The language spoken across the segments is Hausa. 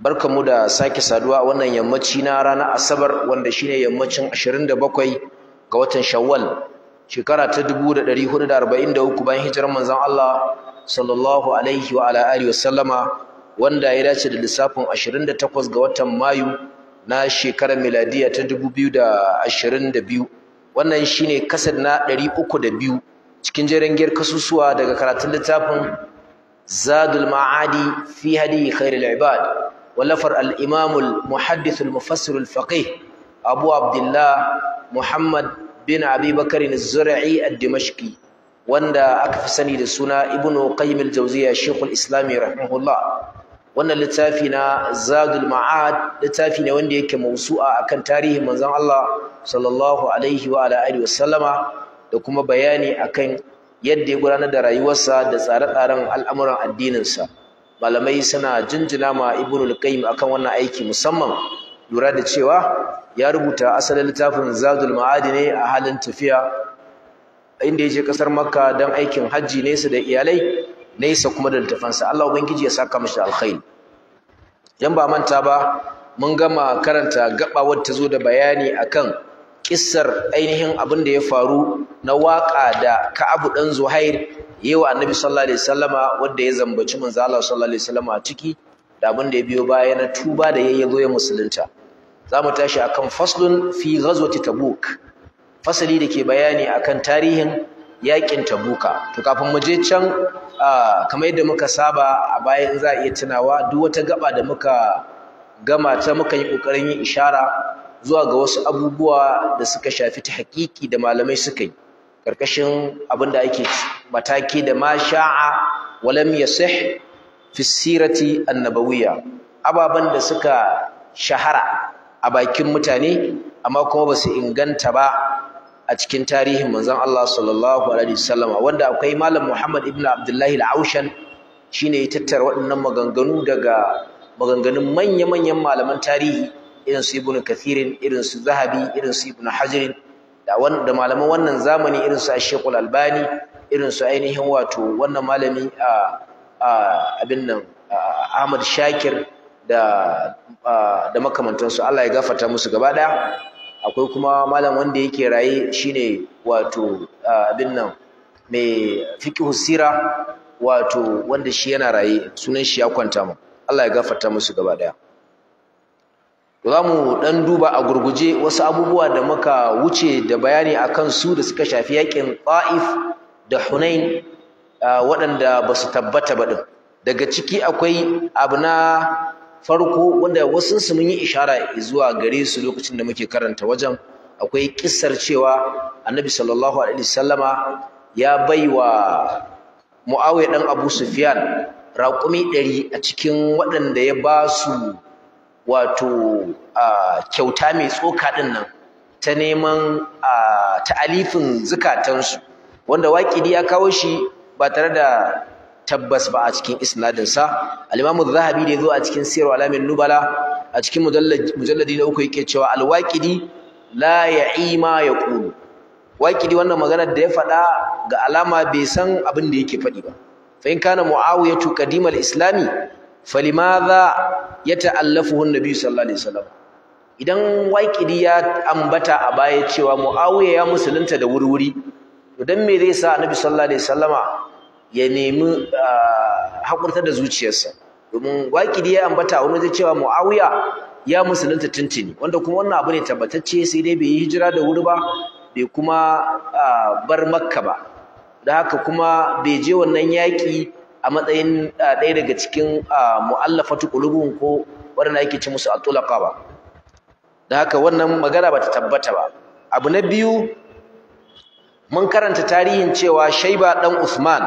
barkamu da sake saduwa wannan yammaci na ranar asabar wanda shine yammacin 27 ga watan shawwal shekara ta 1443 bayan hijirar manzon Allah sallallahu alaihi wa ala alihi wasallama wanda ya dace da lissafin 28 ga watan mayu na shekarar miladiya ta 2022 wannan shine kasad na 302 cikin jerengiyar kasusuwa daga karatun littafin zadul ma'adi fi hadi khairul ibad Walafar al-imamul muhaddithul mufassirul faqih abu abdullah muhammad bin abi bakarin zura'i ad-dimashqi wanda aka fi sani da suna ibnu qayyim al-jawziya shaykhul islam rahimahullah wannan littafi zadul ma'ad littafi ne wanda yake mausu'a akan tarihin manzon Allah sallallahu da kuma bayani akan yadda ya gudanar da rayuwarsa da tsare-tsaren al'amuran addininsa malamai suna jinjina ma ibnul qayyim akan wannan aiki musamman lura da cewa ya rubuta asalin littafin zadul ma'adi ne a halin tafiya inda ya je kasar makka don aikin hajji nesa da iyalai nesa kuma da littafansa allah ubangiji ya saka mashi alkhairi yan ba manta ba mun gama karanta gaba wadda ta zo da bayani akan kissar ainihin abin da ya faru na waka da Ka'abu dan Zuhair yayi Annabi sallallahu alaihi wasallama wanda ya zambaci manzo Allah sallallahu alaihi wasallama a ciki da abin da ya biyo baya na tuba da yayin zo ya musulunta zamu tashi akan faslun fi ghazwati tabuk fasali da ke bayani akan tarihin yakin tabuka to kafin mu je can kamar yadda muka saba a baya in za a iya tunawa duk wata gaba da muka gama ta muka yi ƙoƙarin yin ishara zuwa ga wasu abubuwa da suka shafi ta hakiki da malamai suka yi karkashin abin da ake mataki da ma sha'a walam yasih fi sirati annabawiyya ababan da suka shahara a bakin mutane amma kuma ba su inganta ba a cikin tarihin manzon Allah sallallahu alaihi wasallam wanda akwai malam Muhammad ibn Abdullahi al-Aushan shine ya tattara waɗannan maganganu daga maganganun manya-manyan malaman tarihi irin su ibnu kathirin irin su zahabi irin su ibnu hajirin da da malaman wannan zamani irin su ashekul albani irin su ainihin wato wannan malami a abin nan ahmad shakir da da makamantansu allah ya gafarta musu gaba akwai kuma malam wanda yake raye shine wato abin nan mai fiqhu sira wato wanda shi yana raye sunan shi ya kwanta mu Allah ya gafarta musu gaba daya za mu ɗan duba a gurguje wasu abubuwa da muka wuce da bayani a kan su da suka shafi yaƙin ta'if da hunain waɗanda ba su tabbata ba ɗin daga ciki akwai abu na farko wanda wasu mun yi ishara zuwa gare su lokacin da muke karanta wajen akwai ƙisar cewa annabi sallallahu alaihi wasallama ya bai wa mu'awiya ɗan abu sufyan raƙumi ɗari a cikin waɗanda ya ba su wato kyauta mai tsoka ɗin nan ta neman ta'alifin zukatansu wanda waƙidi ya kawo shi ba tare da tabbas ba a cikin isnadinsa al-imamu zahabi da ya zo a cikin siyarwa alamin nubala a cikin mujalladi na uku yake cewa al-waƙidi la ima ya ƙulu waƙidi wannan maganar da ya faɗa ga alama bai san abin da yake faɗi ba fa in kana mu'awiyatu qadimal islami falimadha yata'allafuhu nabi sallallahu alaihi wasallam idan waqidi ya ambata a baya cewa muawiya ya musulunta da wurwuri to dan me zai sa nabi sallallahu alaihi wasallama ya nemi haƙurta da zuciyarsa domin waqidi ya ambata wani zai cewa muawiya ya musulunta tuntuni wanda kuma wannan abu ne tabbatacce sai dai bai yi hijira da wuri ba bai kuma bar makka ba da haka kuma bai je wannan yaƙi a matsayin ah, ɗaya daga cikin ah, mu'allafatu ƙulubun ko waɗanda ake ci musu al'ulaka ba da haka wannan magana ba ta tabbata ba abu na biyu mun karanta tarihin cewa Shaiba ɗan Usman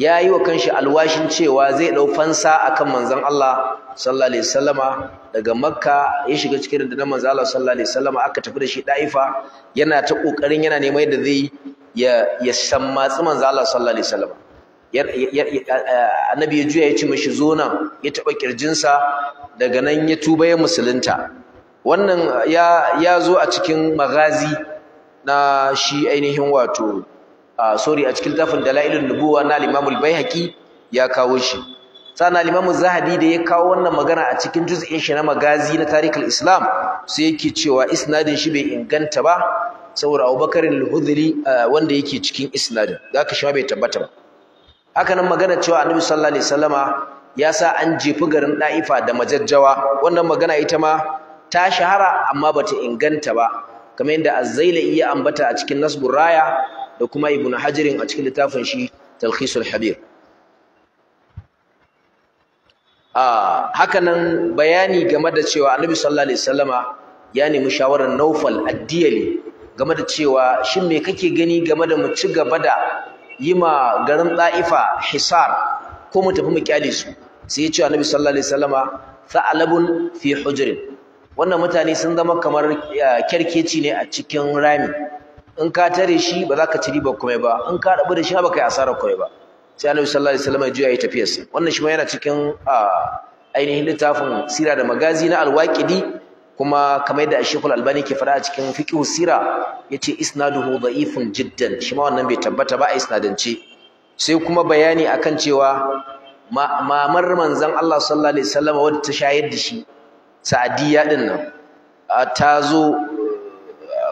ya yi wa kanshi alwashin cewa zai ɗau fansa kan manzan Allah sallallahu alaihi wasallama daga Makka ya shiga cikin rundunar manzan Allah sallallahu alaihi wasallama aka tafi da shi ɗa'ifa yana ta ƙoƙarin yana neman yadda zai ya sammatsi Allah sallallahu alaihi wasallama Eh, annabi ya juya ya ce mishi zo nan ya taɓa ƙirjinsa daga nan ya tuba ya musulunta wannan ya zo a cikin magazi na shi ainihin wato sorry a cikin tafin dala'ilin nubuwa na limamul baihaqi ya kawo shi sana limamu zahabi da ya kawo wannan magana a cikin juz'in shi na magazi na tarikhul islam sai yake cewa isnadin shi bai inganta ba saboda abubakar al hudhri eh, wanda yake cikin isnadin zaka shi ma bai tabbata ba haka nan magana cewa annabi sallallahu alaihi wasallama ya sa an jefi garin ɗa'ifa da majajjawa wannan magana ita ma ta shahara amma bata inganta ba kamar yadda az-zailai ya ambata a cikin nasbur raya da kuma ibn hajirin a cikin littafin shi talkhisul habir ah haka nan bayani game da cewa annabi sallallahu alaihi wasallama ya nemi shawarar Naufal addiyali game da cewa shin me kake gani game da mu ci gaba da yi ma garin ɗa'ifa hisar ko mu tafi mu kyale su sai ya ce nabi sallallahu alaihi salama tha'labun fi hujrin wannan mutane sun zama kamar kyarkeci ne a cikin rami in ka tare shi ba za ka ci riba komai ba in ka rabu da shi ba ka yi asara komai ba sai annabi sallallahu alaihi salama ya juya ya tafiyarsa wannan shi ma yana cikin ainihin littafin sira da magazi na alwaƙidi kuma kamar yadda Sheikhul Albani ke faɗa a cikin fiqh sira yace isnaduhu dha'ifun jiddan shi ma wannan bai tabbata ba a isnadance sai kuma bayani akan cewa mamar manzon Allah sallallahu alaihi wasallam wadda ta shayar da shi Sa'adiyya din nan ta zo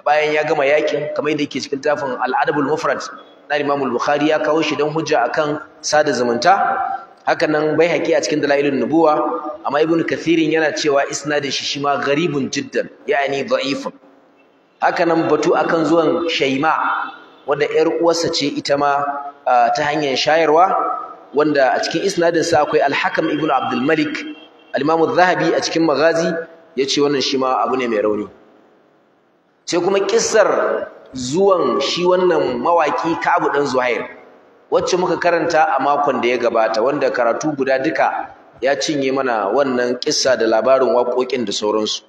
bayan ya gama yakin kamar yadda yake cikin tafin Al-Adabul Mufrad na Imam Bukhari ya kawo shi dan hujja akan sada zumunta haka nan bai haƙi a cikin dalailun nubuwa amma ibn kathirin yana cewa isnadin shi shi ma gharibun jiddan yani dha'ifun haka nan batu akan zuwan shaima wanda yar uwarsa ce ita ma ta hanyar shayarwa wanda a cikin isnadin sa akwai al-hakam ibn abdul malik al-imam az-zahabi a cikin magazi yace wannan shi ma abu ne mai rauni sai kuma kissar zuwan shi wannan mawaki abu dan Zuhair wacce muka karanta a makon da ya gabata wanda karatu guda duka ya cinye mana wannan kissa da labarin waƙoƙin da sauransu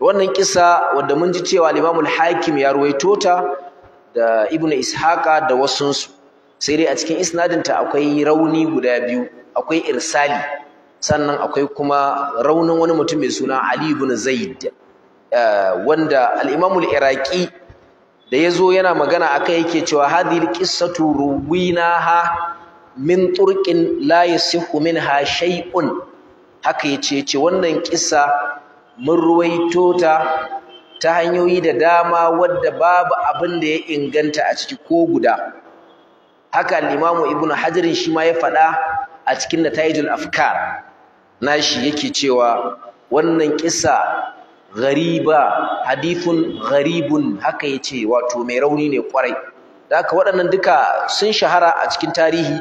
wannan kissa wanda mun ji cewa Imam hakim ya ruwaito ta da Ibn Ishaqa da wasunsu sai dai a cikin isnadin ta akwai rauni guda biyu akwai irsali sannan akwai kuma raunin wani mutum mai suna Ali ibn Zaid eh, wanda al imamul iraqi da ya zo yana magana akai yake cewa hadhihi qissatu ha min turqin la yasihhu minha shay'un haka yace ce wannan kissa mun ruwaito ta ta hanyoyi da dama wadda babu abin da ya inganta a ciki ko guda haka al ibnu hajarin shi ma ya faɗa a cikin nata'ijul afkar nashi yake cewa wannan kissa ghariba hadithun gharibun haka yace wato mai rauni ne kwarai da waɗannan duka sun shahara a cikin tarihi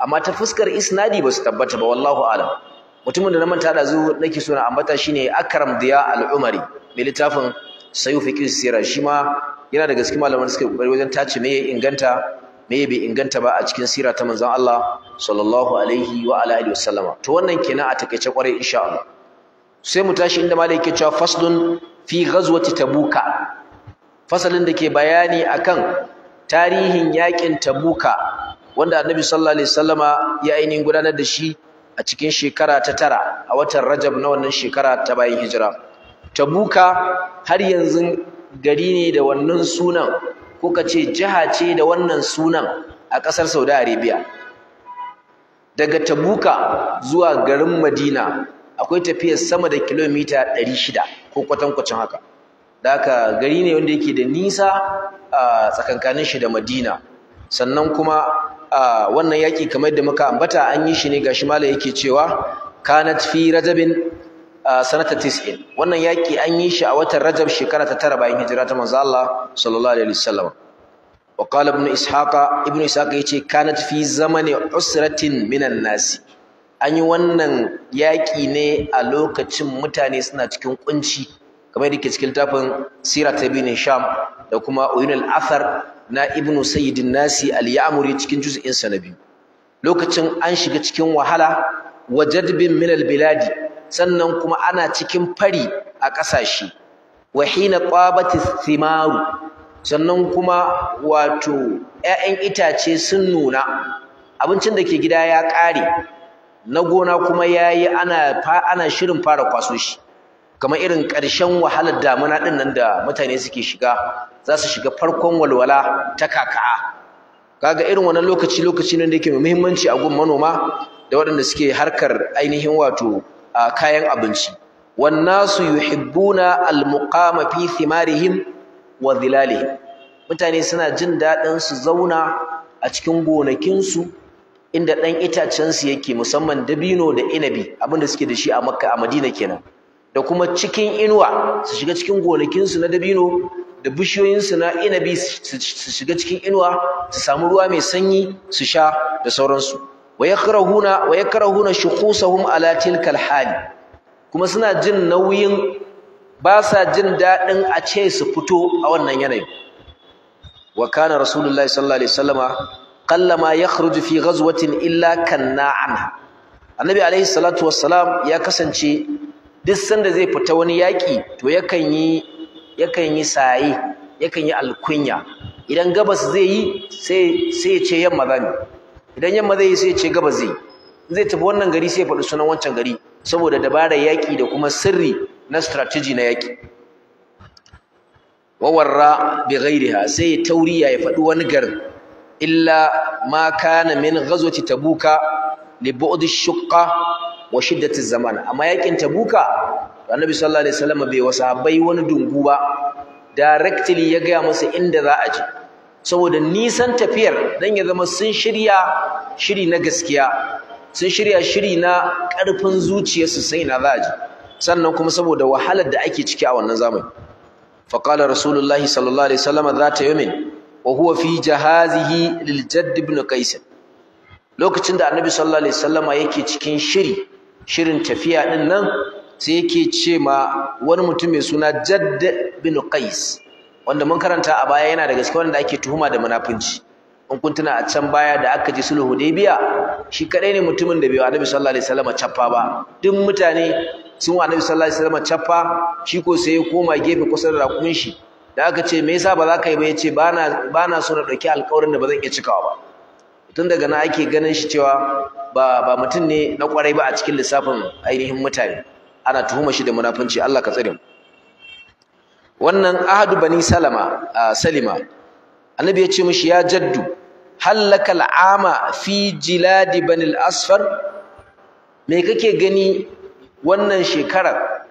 amma ta fuskar isnadi ba su tabbata ba wallahu alam mutumin da na manta da zu nake so na ambata shine Akram Diya Al-Umari mai littafin Sayu Fiqh Sirah shi ma yana daga cikin malaman suka kokari wajen tace me ya inganta me bai inganta ba a cikin sira ta manzon Allah sallallahu alaihi wa alihi wasallama to wannan kenan a takeice kwarai insha Allah sai mu tashi inda malai yake cewa faslun fi ghazwati tabuka fasalin da ke bayani akan tarihin yakin tabuka wanda annabi sallallahu alaihi wasallama ya ainihin gudanar da shi a cikin shekara ta tara a watan rajab na wannan shekara ta bayan hijira tabuka har yanzu gari ne da wannan sunan ko ka ce jiha ce da wannan sunan a ƙasar saudi arabia daga tabuka zuwa garin madina akwai tafiyar sama da kilomita 600 ko kwatankwacin haka da haka gari ne wanda yake da nisa a tsakankanin shi da madina sannan kuma wannan yaƙi kamar da muka ambata an yi shi ne ga shimala yake cewa kanat fi rajabin sanata tis'in wannan yaƙi an yi shi a watan rajab shekara ta tara bayan hijira ta manzo Allah sallallahu alaihi wasallam wa qala ibn ishaqa ibn ishaqa yace kanat fi zamani usratin minan nasi an yi wannan yaƙi ne a lokacin mutane suna cikin ƙunci, kamar da ke cikin tafin sira ta bin sham da kuma uyun al-athar na ibnu sayyidin nasi al-ya'muri cikin juz'in sa na biyu lokacin an shiga cikin wahala wajadbin min al-biladi sannan kuma ana cikin fari a ƙasashe wa hina qabatis thimaru sannan kuma wato 'ya'yan itace sun nuna abincin da ke gida ya ƙare na gona kuma yayi ana ana shirin fara kwaso shi kamar irin ƙarshen wahalar damuna ɗin nan da mutane suke shiga za su shiga farkon walwala ta kaka'a kaga irin wannan lokaci lokaci ne da yake mai muhimmanci a gun manoma da waɗanda suke harkar ainihin wato kayan abinci wannasu yuhibbuna almuqama fi thimarihim wa dhilalihim mutane suna jin daɗin su zauna a cikin gonakinsu inda ɗan itacensu yake musamman dabino da inabi abinda suke da shi a makka a madina kenan da kuma cikin inuwa su shiga cikin gonakinsu na dabino da bishiyoyinsu na inabi su shiga cikin inuwa su samu ruwa mai sanyi su sha da sauransu wa yakrahuna wa yakrahuna ala tilkal hali kuma suna jin nauyin ba sa jin daɗin a ce su fito a wannan yanayi wa kana rasulullahi sallallahu alaihi wasallama qallama yakhruju fi ghazwatin illa anha annabi alaihi salatu wassalam ya kasance duk sanda zai fita wani yaki to yakan yi yakan yi saye yakan yi alkunya idan gabas zai yi sai sai ya ce yamma zan idan yamma zai yi sai ya ce gabas zai zai tafi wannan gari sai ya faɗi sunan wancan gari saboda dabarar yaki da kuma sirri na strategy na yaki wawarra bi ghairiha sai ya tauriya ya faɗi wani garin illa ma kana min ghazwati tabuka li bu'd ash-shaqqa wa shiddati az-zaman ta buka? tabuka annabi sallallahu alaihi wasallam bai wasabai wani dungu ba directly ya gaya masa inda za a je saboda nisan tafiyar dan ya zama sun shirya shiri na gaskiya sun shirya shiri na ƙarfin zuciyarsu sai na za a ji sannan kuma saboda wahalar da ake ciki a wannan zamani faqala rasulullahi sallallahu alaihi wasallam zata yawmin wa huwa fi jahazihi lil jadd ibn qais lokacin da annabi sallallahu alaihi wasallama yake cikin shiri shirin tafiya din nan sai yake ce ma wani mutum mai suna jadd ibn qais wanda mun karanta a baya yana daga cikin wanda ake tuhuma da munafunci in kun tuna a can baya da aka ji sulhu hudaybiya shi kadai ne mutumin da bai annabi sallallahu alaihi wasallama chaffa ba duk mutane sun wa annabi sallallahu alaihi wasallama chaffa shi ko sai ya koma gefe kusa da rakumin shi da aka ce me yasa ba za ka yi ba ya ce ba na so na ɗauki alkawarin da ba zan iya cikawa ba tun daga na ake ganin shi cewa ba mutum ne na kwarai ba a cikin lissafin ainihin mutane ana tuhuma shi da munafunci Allah ka tsare wannan ahadu bani salama salima annabi ya ce mishi ya jaddu hallaka al'ama fi jiladi bani al-asfar me kake gani wannan shekarar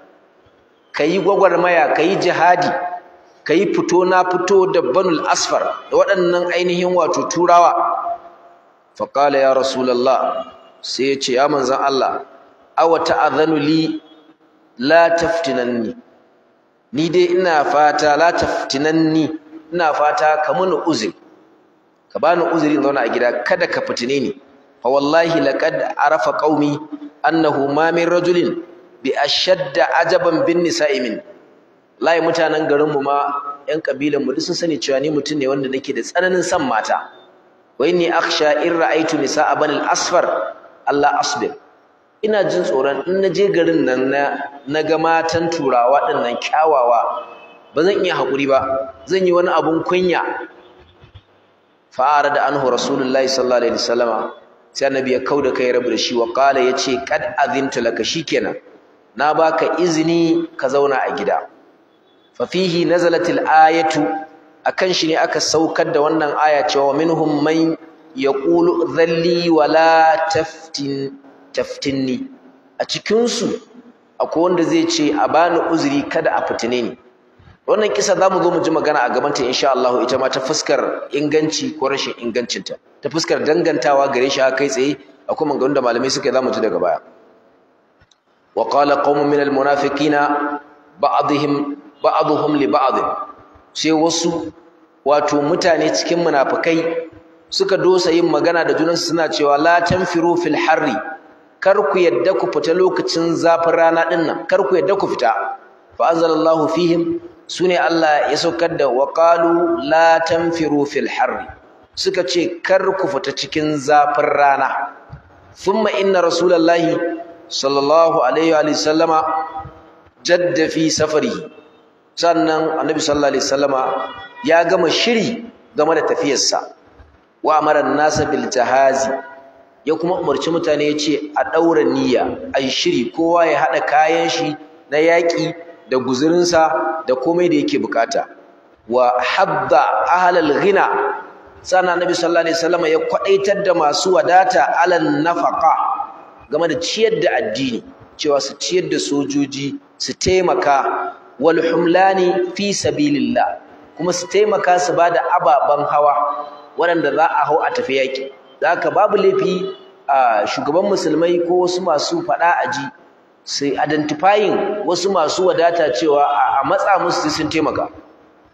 kayi gwagwarmaya kayi jihadi ka yi fito na fito da banul asfar da waɗannan ainihin wato turawa faƙala ya rasulallah sai ya ce ya manzan Allah awa ta'adhanu li la taftinanni ni dai ina fata la taftinanni ina fata ka muni uzuri ka bani uzuri in zauna a gida kada ka fitine ni fa wallahi laqad arafa qaumi annahu ma min rajulin bi ashadda ajaban bin nisa'i layi mutanen garinmu ma 'yan ƙabilanmu duk sun sani cewa ni mutum ne wanda nake da tsananin son mata wai ni aksha in ra'aitu nisa'a banil asfar Allah asbir ina jin tsoron in na je garin nan na ga matan turawa ɗin kyawawa ba zan iya haƙuri ba zan yi wani abun kunya fa'ara da anhu rasulullahi sallallahu alaihi wasallama sai annabi ya kauda kai rabu da shi wa qala yace kad azintu laka shikenan na baka izini ka zauna a gida Fafihi na nazalatil ayatu akan shi ne aka saukar da wannan aya cewa minhum man yaqulu dhalli wala taftin taftinni a cikinsu, su akwai zai ce a bani uzuri kada a fitine ni wannan kisa za mu zo mu ji magana a gabanta insha Allah ita ma ta fuskar inganci ko rashin ingancinta ta fuskar dangantawa gare shi kai tsaye akwai maganganun da malamai suka za mu ji daga baya wa qala qaumun minal munafiqina ba'dihim ba'dhum li ba'd sai wasu wato mutane cikin munafikai suka dosa yin magana da junansu suna cewa la tanfiru fil harri kar ku yadda ku fita lokacin zafin rana din nan kar ku yadda ku fita fa anzalallahu fihim sune Allah ya saukar da wa qalu la tanfiru fil harri suka ce kar ku fita cikin zafin rana thumma inna rasulallahi sallallahu alaihi wa sallama jadda fi safarihi sannan annabi sallallahu alaihi wasallama ya gama shiri game da tafiyarsa wa amara nasa bil jahazi ya kuma umarci mutane ya ce a ɗaura niyya a shiri kowa ya haɗa kayan shi na yaƙi da guzurinsa da komai da yake bukata wa habba ahlal ghina sannan nabi sallallahu alaihi wasallama ya kwadaitar da masu wadata alan nafaqa game da ciyar da addini cewa su ciyar da sojoji su taimaka walhumlani fi sabilillah kuma su taimaka su ba da ababen hawa waɗanda za a hau a tafi yaƙi da haka babu laifi a shugaban musulmai ko wasu masu faɗa ji su identifying wasu masu wadata cewa a matsa musu sun taimaka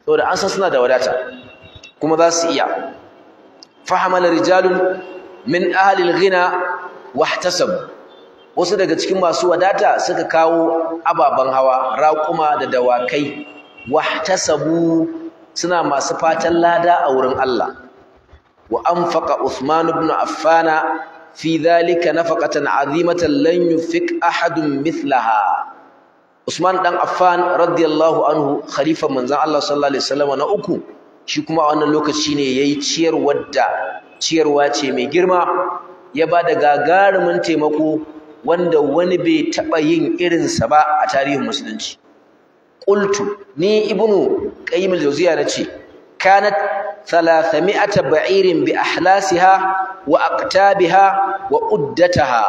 saboda an san suna da wadata kuma za su iya Fahimar rijalun min ahlil ghina wahtasabu wasu daga cikin masu wadata suka kawo ababen hawa raƙuma da dawakai wahtasabu suna masu fatan lada a wurin Allah wa anfaqa Uthman ibn Affan fi dhalika nafaqatan azimatan lan yufik ahadun mithlaha Usman dan Affan radiyallahu anhu khalifa manzan Allah sallallahu alaihi wasallam na uku shi kuma a wannan lokaci ne yayi ciyarwar da ciyarwa ce mai girma ya ba da gagarumin taimako wanda wani bai taɓa yin irinsa ba a tarihin musulunci qultu ni ibnu qayyim jawziya nace kanat thalathami'ata ba'irin bi ahlasiha wa aqtabiha wa uddataha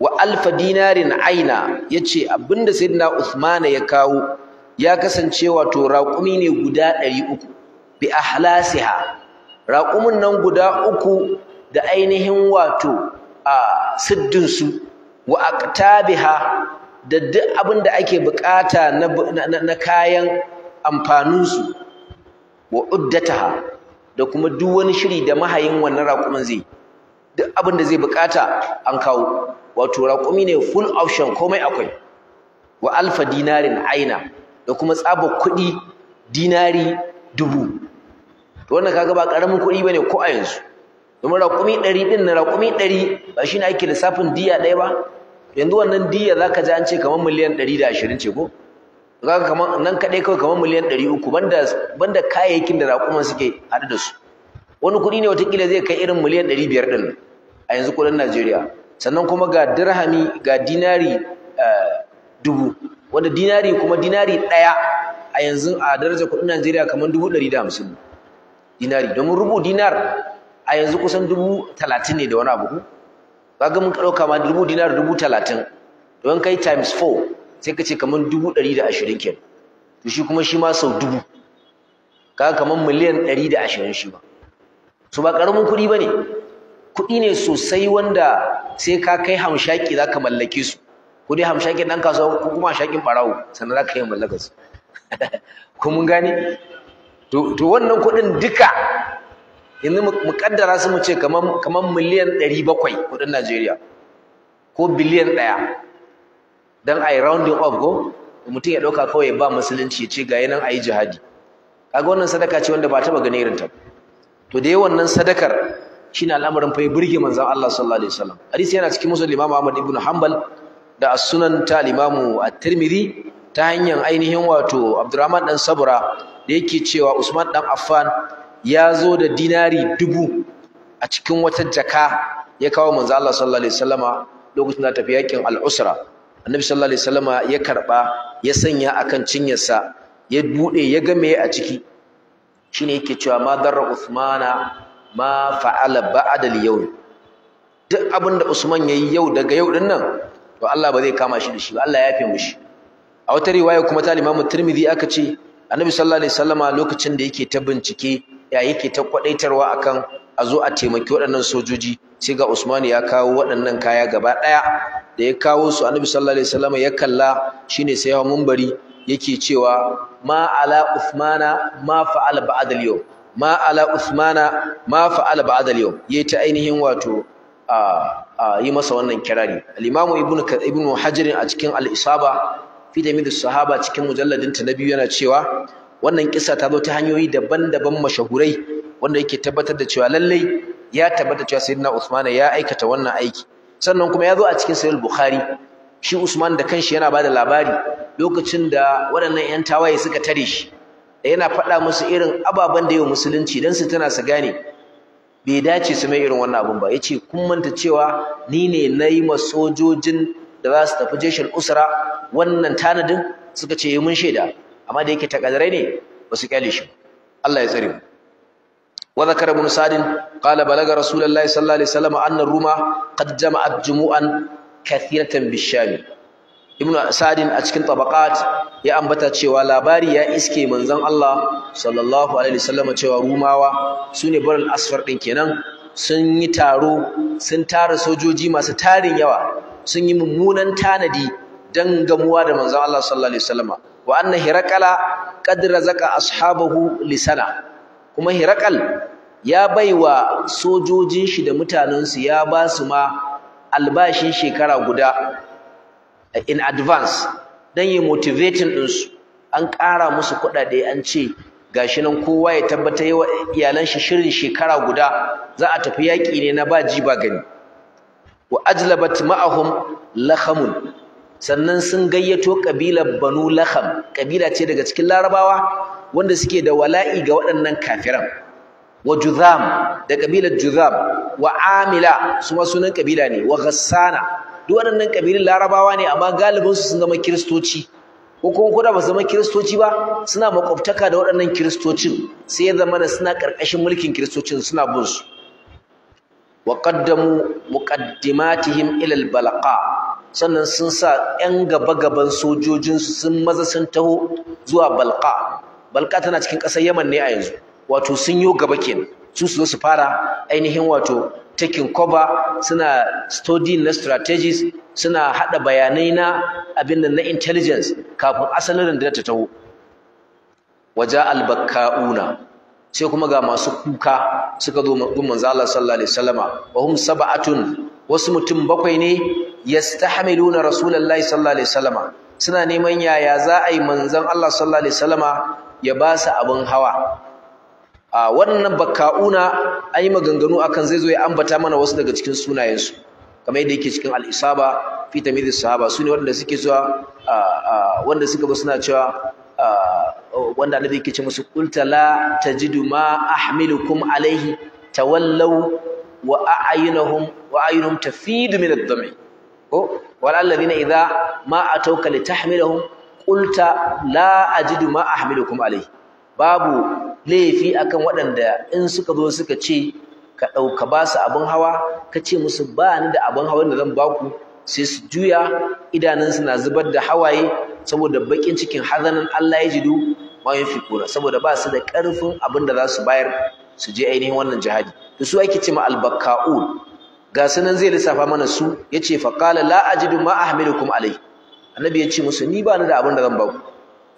wa alf dinarin aina yace abinda sayyidina usmana ya kawo ya kasance wato raƙumi ne guda 300 bi ahlasiha raƙumin nan guda uku da ainihin wato a siddinsu wa aqtabiha da duk abin da ake bukata na kayan amfaninsu wa uddataha da kuma duk wani shiri da mahayin wannan raƙumin zai duk abin da zai bukata an kawo wato raƙumi ne full option komai akwai wa alfa dinarin aina da kuma tsaba kuɗi dinari dubu to wannan kaga ba ƙaramin kuɗi bane ko a yanzu domin raƙumi ɗari ɗin na raƙumi ɗari ba shi ne ake lissafin diya ɗaya ba yanzu wannan diya za ka ji an ce kamar miliyan ɗari da ashirin ce ko za ka kamar nan kaɗai kawai kamar miliyan ɗari uku banda da kayayyakin da raƙuman suke haɗu da su wani kuɗi ne watakila zai kai irin miliyan ɗari biyar ɗin a yanzu kuɗin najeriya sannan kuma ga dirhami ga dinari eh, dubu wanda dinari kuma dinari ɗaya a yanzu a darajar kuɗin najeriya kamar dubu ɗari da hamsin dinari domin rubu dinar a yanzu kusan dubu talatin ne da wani abu Ba ga mun ɗauka ma dubu dinar dubu talatin don kai times four sai ka ce kamar dubu ɗari da ashirin ke to shi kuma shi ma sau dubu ka kamar miliyan ɗari da ashirin shi ba so ba ƙaramin kuɗi ba ne kuɗi ne sosai wanda sai ka kai hamshaki za ka mallake su ko dai hamshakin ɗan kasuwa ko kuma hamshakin ɓarawo sannan za ka iya mallaka su ko mun gane to wannan kuɗin duka yanzu mu kaddara su mu ce kaman kaman miliyan 700 kudin Najeriya ko biliyan 1 dan ai rounding off go mutum ya dauka kawai ya ba musulunci ya ce ga yanan ai jihadi kaga wannan sadaka ce wanda ba taba gane irin ta to da yawan nan sadakar shine al'amarin fa ya burge manzon Allah sallallahu alaihi wasallam hadisi yana cikin musnad Imam Ahmad ibn Hanbal da as-sunan ta Imam At-Tirmidhi ta hanyar ainihin wato Abdurrahman dan Sabra da yake cewa Usman dan Affan ya zo da dinari dubu a cikin wata jaka ya kawo manzo Allah sallallahu alaihi wasallama lokacin da tafi yakin al-usra annabi sallallahu alaihi wasallama ya karba ya sanya akan cinyarsa ya bude ya ga a ciki shine yake cewa ma darra usmana ma fa'ala ba'da al-yawm duk abin da usman yayi yau daga yau din nan to Allah ba zai kama shi da shi ba Allah ya yafe mishi a wata riwaya kuma ta Imam Tirmidhi aka ce annabi sallallahu alaihi wasallama lokacin da yake ta bincike ya yake ta kwadaitarwa akan a zo a taimaki waɗannan sojoji sai ga Usman ya kawo waɗannan kaya gaba ɗaya da ya kawo su Annabi sallallahu alaihi wasallam ya kalla shine sai ya munbari yake cewa ma ala Uthmana ma fa'al ba'd al ma ala Uthmana ma fa'al ba'd al-yawm yayi ta ainihin wato a yi masa wannan kirari al-Imam Ibn Ibn Hajar a cikin al-Isaba fi da sahaba cikin mujalladin ta na biyu yana cewa wannan kisa ta zo ta hanyoyi daban-daban mashahurai wanda yake tabbatar da cewa lallai ya tabbata cewa sayyidina Usman ya aikata wannan aiki sannan kuma ya zo a cikin sahih bukhari shi Usman da kanshi yana bada labari lokacin da waɗannan ƴan tawaye suka tare shi da yana faɗa musu irin ababen da yau musulunci dan su tana su gane bai dace su mai irin wannan abun ba yace kun manta cewa ni ne nayi ma sojojin da za su tafi jeshin usra wannan tanadin suka ce eh, mun shaida amma da yake takadarai ne ba su kyale shi Allah ya tsare mu wa zakara ibn sa'd qala balaga rasulullahi sallallahu alaihi wasallam anna ruma qad jama'at jumu'an kathiratan bishami ibn sa'd a cikin tabaqat ya ambata cewa labari ya iske manzon Allah sallallahu alaihi wasallam cewa rumawa sune baral asfar din kenan sun yi taro sun tara sojoji masu tarin yawa sun yi mummunan tanadi dan gamuwa da manzon Allah sallallahu alaihi wasallama wa anna hirakala qad razaqa ashabahu lisana kuma hirakal ya baiwa sojojin shi da mutanensu ya ba su ma albashin shekara guda in advance don yi motivating ɗinsu an ƙara musu kuɗaɗe an ce gashi nan kowa ya tabbata yi wa iyalan shi shirin shekara guda za a tafi yaƙi ne na ba ji ba gani wa ajlabat ma'ahum lahamun sannan sun gayyato kabilar Banu Laham kabila ce daga cikin Larabawa wanda suke da wala'i ga waɗannan kafiran wa Juzam da kabilar Juzam wa Amila su ma sunan kabila ne wa Ghassana duk waɗannan kabilun Larabawa ne amma galibin su sun zama kiristoci ko kuma ko da ba zama kiristoci ba suna makwabtaka da waɗannan kiristocin sai ya zama da suna ƙarƙashin mulkin kiristocin suna bin su wa qaddamu muqaddimatihim ila al-balaqa sannan sun sa 'yan gaba-gaban sojojinsu sun maza sun taho zuwa Balqa. Balqa tana cikin ƙasar yaman ne a yanzu wato sun yo gaba kenan su su zo su fara ainihin wato taking cover suna study na strategies suna haɗa bayanai na abin na intelligence kafin asalin rundunar ta taho waje albakka'una sai kuma ga masu kuka suka zo manzo Allah sallallahu alaihi wasallama wa hum sab'atun wasu mutum bakwai ne yastahmiluna rasulullahi sallallahu alaihi wasallama suna neman yaya za a yi manzon Allah sallallahu alaihi wasallama ya ba su abin hawa a wannan bakka'una an maganganu akan zai zo ya ambata mana wasu daga cikin sunayensu kamar yadda yake cikin al-isaba fi tamizis sahaba sune wanda suke zuwa wanda suka ba suna cewa wanda Allah yake ce musu qultala tajidu ma ahmilukum alaihi tawallaw wa a'yunuhum wa a'yunuhum tafidu min ad-dam'i ko wal alladhina idha ma atawka litahmilahum qulta la ajidu ma ahmilukum alayhi babu laifi akan waɗanda in suka zo suka ce ka ɗauka ba su abin hawa ka ce musu ba ni da abin hawa da zan baku sai su juya idanunsu na zubar da hawaye saboda baƙin cikin hazanan Allah ya jidu ma yin fikura saboda ba su da ƙarfin abin da za su bayar su je ainihin wannan jihadi to su ake ce ma albakka'un ga sunan zai lissafa mana su yace fa qala la ajidu ma ahmilukum alai annabi ya ce musu ni ba ni da abin da zan ba ku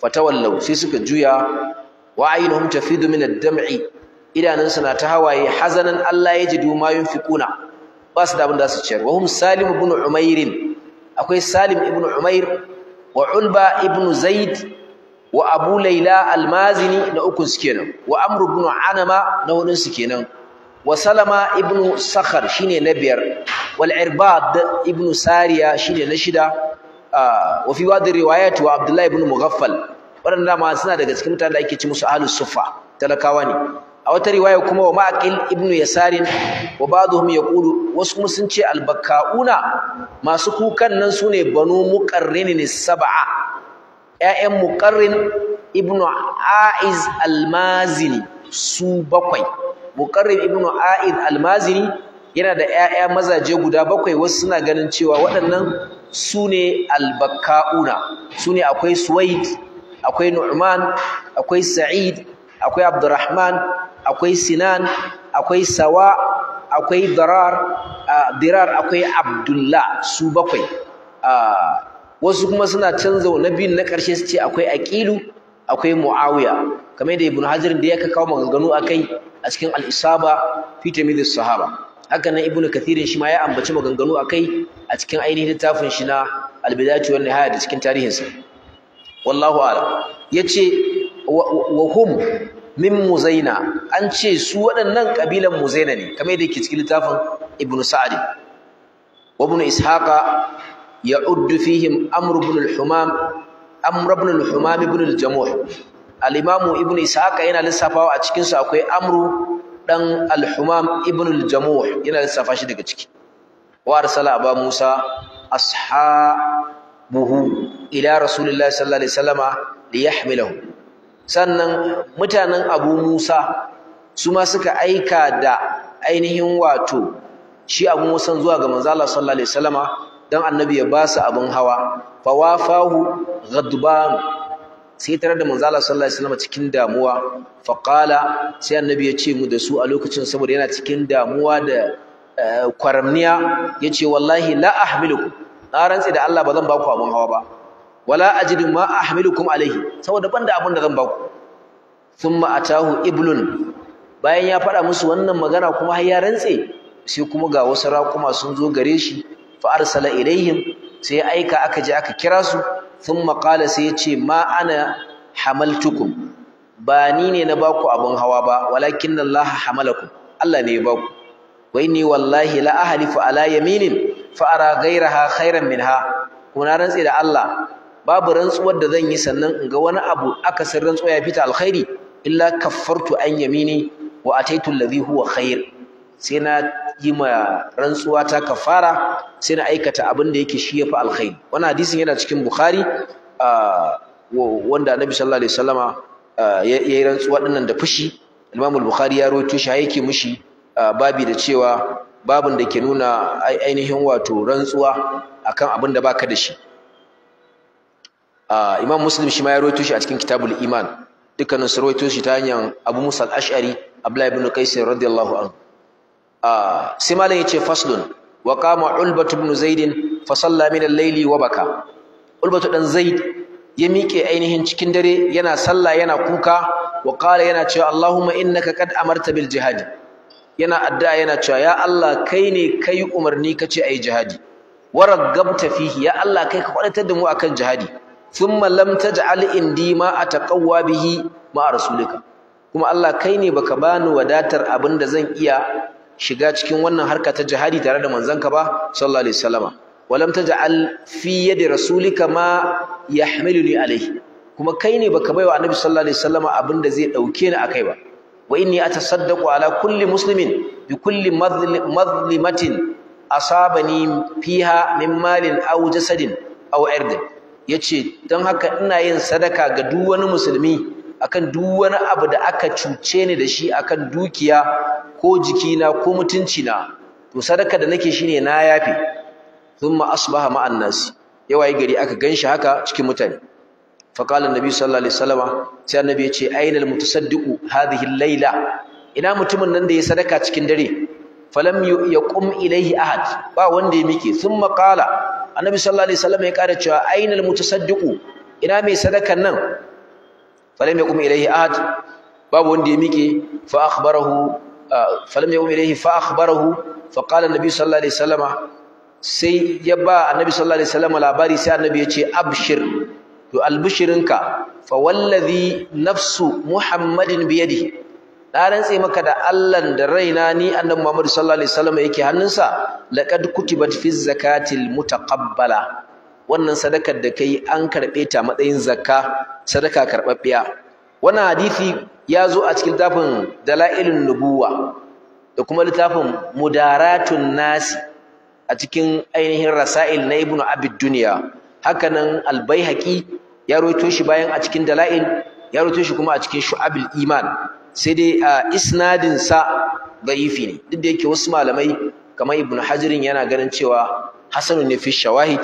fatawallau sai suka juya wa ainuhum tafidu min ad-dam'i idanunsu na ta hawaye hazanan Allah ya jidu ma yunfiquna ba su da abin da su ciyar wa hum salim ibn umair akwai salim ibn umair wa ulba ibn zaid wa abu laila almazini na ukun su kenan wa amru ibn anama na hudun su kenan wa salama ibn sakhar shine na biyar wal irbad ibn sariya shine na shida wa fi wadi riwayat wa abdullahi ibn mughaffal waɗanda ma suna daga cikin mutanen da ake ci musu ahlus suffa talakawa ne a wata riwaya kuma wa ma'aqil ibn yasarin wa ba'dhum yaqulu wasu kuma sun ce albakauna masu kukan nan sune banu muqarrinin sab'a ya'yan muqarrin ibnu aiz almazini su bakwai muqarrin ibnu aiz almazini yana da 'yaya mazaje guda bakwai wasu suna ganin cewa waɗannan su ne albakkauna su ne akwai suwaid akwai nu'man akwai sa'id akwai abdurrahman akwai sinan akwai sawa akwai dirar akwai abdullah su bakwai wasu kuma suna canza na biyun na ƙarshe su ce akwai aqilu akwai muawiya kamar da ibnu hajar da ya ka kawo maganganu akai a cikin al-isaba fi sahaba haka nan ibnu kathirin shi ma ya ambaci maganganu akai a cikin ainihin littafin shi na al-bidayatu wan nihaya da cikin tarihinsa wallahu a'lam yace wa hum min muzaina an ce su waɗannan kabilan muzaina ne kamar da yake cikin littafin ibnu sa'ad wa ibnu ishaqa ya uddu fihim amru ibn ibn al-humam ibn ibn ishaq yana lissafawa a cikin akwai amru dan al-humam ibn al-jamuh yana lissafa shi daga ciki wa arsala ba musa asha buhu ila rasulullahi sallallahu alaihi wasallama li yahmilahu sannan mutanen abu musa su ma suka aika da ainihin wato shi abu musa zuwa ga manzo Allah don annabi ya ba su abin hawa fawafahu ghadban sai tare da Manzala sallallahu alaihi wasallam cikin damuwa faqala sai annabi ya ce mu da su a lokacin saboda yana cikin damuwa da eh, kwaramniya yace wallahi la ahmilukum na rantsi da Allah ba zan ba ku abin hawa ba wala ajidu ma ahmilukum alaihi saboda banda abin da zan ba ku thumma atahu iblun bayan ya faɗa musu wannan magana kuma har ya rantse sai kuma ga wasu raƙuma sun zo gare shi fa'arsala arsala sai ya aika aka je aka kira su sun makala sai ya ce ma ana hamaltukum ba ni ne na baku abun hawa ba walakin laha hamalakum Allah ne baku Wai ni wallahi la'ahali fa'ala yaminin fa'ara gairaha ghayraha khairan ha. kuna rantsi da Allah babu rantsuwar da zan yi sannan in ga wani abu aka san rantsuwa ya fita alkhairi illa kaffartu an yamini wa ataitu alladhi huwa khair sai na yi ma rantsuwa ta kafara sai na aikata abin da yake shi yafi alkhairi wannan hadisin yana cikin bukhari wanda annabi sallallahu alaihi wasallama yi rantsuwa dinnan da fushi imam bukhari ya rawaito shi yake mushi babi da cewa babin da ke nuna ainihin wato rantsuwa akan abin da baka da shi imam muslim shi ma ya rawaito shi a cikin kitabul iman dukkanin su rawaito shi ta hanyar abu musa al-ash'ari abdullahi ibn qais radiyallahu anhu Ah, sai ya yace faslun wa kama ulbatu ibn Zaidin fa salla min al-layli wa baka ulbatu dan zaid ya miƙe ainihin cikin dare yana sallah yana kuka wa qala yana cewa allahumma innaka kad amarta bil jihad yana addu'a yana cewa ya allah kai ne kai umarni kace ayi jihadi wa fihi ya allah kai ka kwadatar da mu akan jihadi thumma lam taj'al indi ma ataqawwa bihi ma rasulika kuma allah kai ne baka bani wadatar abin da zan iya shiga cikin wannan harka ta jihadi tare da manzanka ba sallallahu alaihi wasallama walam taj'al fi yadi rasulika ma yahmiluni alaihi kuma kai ne baka baiwa annabi sallallahu alaihi wasallama abin da zai dauke ni akai ba wa inni atasaddaqu ala kulli muslimin bi kulli madlimatin asabani fiha min malin aw jasadin aw irdin yace don haka ina yin sadaka ga duk wani musulmi akan duk wani abu da aka cuce ni da shi akan dukiya ko jikina ko mutunci na to sadaka da nake shine na yafe thumma asbaha ma'an yawaye gari aka ganshi haka cikin mutane fa qala annabi sallallahu alaihi wasallama sai annabi ya ce al mutasaddiqu hadhihi al-laila ina mutumin nan da ya sadaka cikin dare falam yaqum ilaihi ahad ba wanda ya mike thumma qala annabi sallallahu alaihi wasallama ya kara cewa al mutasaddiqu ina mai sadakan nan falam yaqum ilayhi ahad babu wanda ya mike fa akhbarahu falam yaqum ilayhi fa akhbarahu fa qala annabi sallallahu alaihi wasallama sai ya ba annabi sallallahu alaihi wasallama labari sai annabi ya ce abshir to albishirinka fa wallazi nafsu muhammadin biyadihi na rantse maka da Allah da raina ni annabi Muhammad sallallahu alaihi wasallam yake hannunsa laqad kutibat fi zakatil mutaqabbala wannan sadakar da kai an karɓe ta matsayin zakka sadaka karɓaɓɓiya wannan hadisi ya zo a cikin littafin dala'ilun nubuwa da kuma littafin mudaratun nasi a cikin ainihin rasail na ibnu abid duniya hakanan albaihaqi ya rawaito shi bayan a cikin dala'il ya rawaito shi kuma a cikin shu'abul iman sai dai a isnadin sa da'ifi ne duk da yake wasu malamai kamar ibnu hajirin yana ganin cewa hasanun ne fi shawahid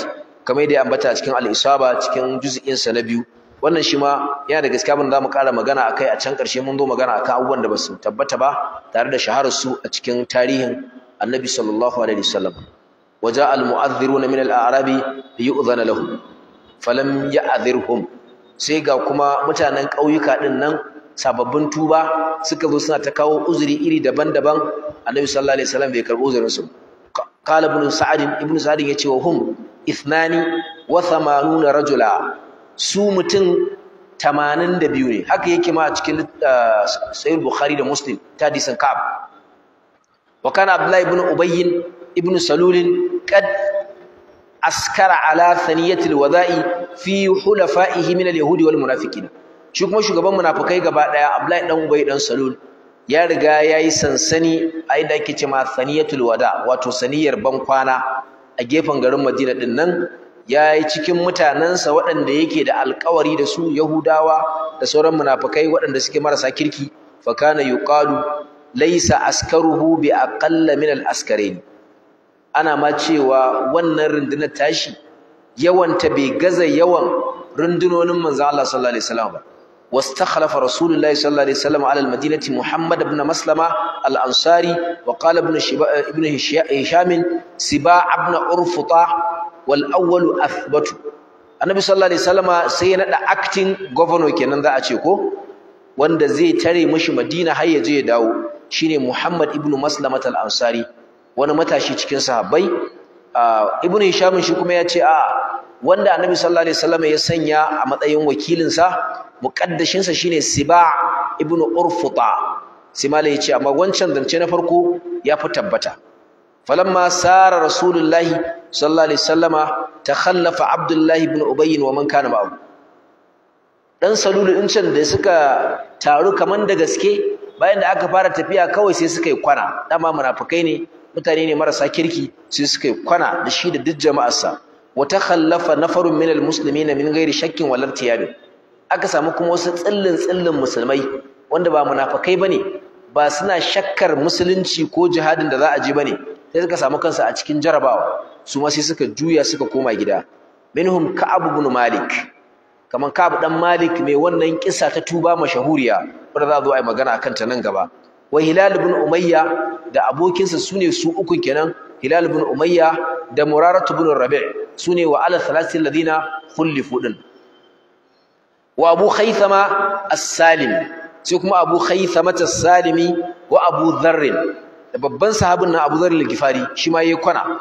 kamar yadda ya ambata cikin alisaba cikin juzinsa sa na biyu wannan shi ma yana da gaskiya za zamu ƙara magana akai a can ƙarshe mun zo magana kan abubuwan da basu tabbata ba tare da shaharar su a cikin tarihin Annabi sallallahu alaihi wasallam waja al-mu'adhdhiruna min al-a'rabi yu'dhana lahum falam ya'dhirhum sai ga kuma mutanen ƙauyuka din nan sababbin tuba suka zo suna ta kawo uzuri iri daban-daban Annabi sallallahu alaihi wasallam bai ya uzurin su ibn sa'd ibn sa'd wa hum ithnani wa thamanuna rajula su mutum biyu ne haka yake ma a cikin uh, Sayyid bukhari da muslim ta disan ka'ab wa kana abdullahi ibn ubay ibn salul kad askara ala thaniyatil wada'i fi hulafa'ihi min alyahudi yahudi wal munafiqin shi kuma shugaban munafikai gaba daya abdullahi dan ubay dan salul ya riga yayi sansani ai da ake ma thaniyatul wada wato saniyar bankwana a gefen garin Madina din nan yayi cikin mutanansa waɗanda yake da alƙawari da su Yahudawa da sauran munafikai waɗanda suke marasa kirki fa kana yuqalu laysa askaruhu bi aqalla min al askarin ana ma cewa wannan rundunar tashi yawanta bai gaza yawan rundunonin manzo Allah sallallahu alaihi wasallam ba واستخلف رسول الله صلى الله عليه وسلم على المدينة محمد بن مسلمة الأنصاري وقال ابن, ابن هشام سباع بن أرفطة والأول أثبت النبي صلى الله عليه وسلم سينا دا acting governor kenan za a ce ko wanda zai tare mishi Madina har ya je ya dawo shine Muhammad ibn Maslamat al-Ansari wani matashi cikin sahabbai ibn Hisham shi kuma ya ce a wanda annabi sallallahu alaihi wasallam ya sanya a matsayin wakilinsa muƙaddashinsa shine siba ibn urfuta sai malai ya ce amma wancan zance na farko ya fi tabbata falamma sara rasulullahi sallallahu alaihi wasallama khallafa abdullahi ibn ubayy wa man kana ma'ahu dan salulu in can da suka taru kaman da gaske bayan da aka fara tafiya kawai sai suka yi kwana dama munafikai ne mutane ne marasa kirki sai suka yi kwana da shi da duk jama'arsa wa khallafa nafarun minal muslimina min ghairi shakkin wal irtiyabin aka samu kuma wasu tsillin tsillin musulmai wanda ba munafakai ba ne. ba suna shakkar musulunci ko jihadin da za a je ne. sai suka samu kansu a cikin jarabawa su ma sai suka juya suka koma gida minhum ka'ab ibn malik kaman ka'ab dan malik mai wannan kisa ta tuba mashahuriya wanda za zo a yi magana akan ta nan gaba wa hilal ibn umayya da abokinsa sune su uku kenan hilal ibn umayya da muraratu ibn rabi' sune wa ala thalathil ladina khulifu din wa abu khaythama as Salim sai kuma abu khaythama as-salimi wa abu dharr da babban sahabin na abu dharr al-gifari shi ma yayi kwana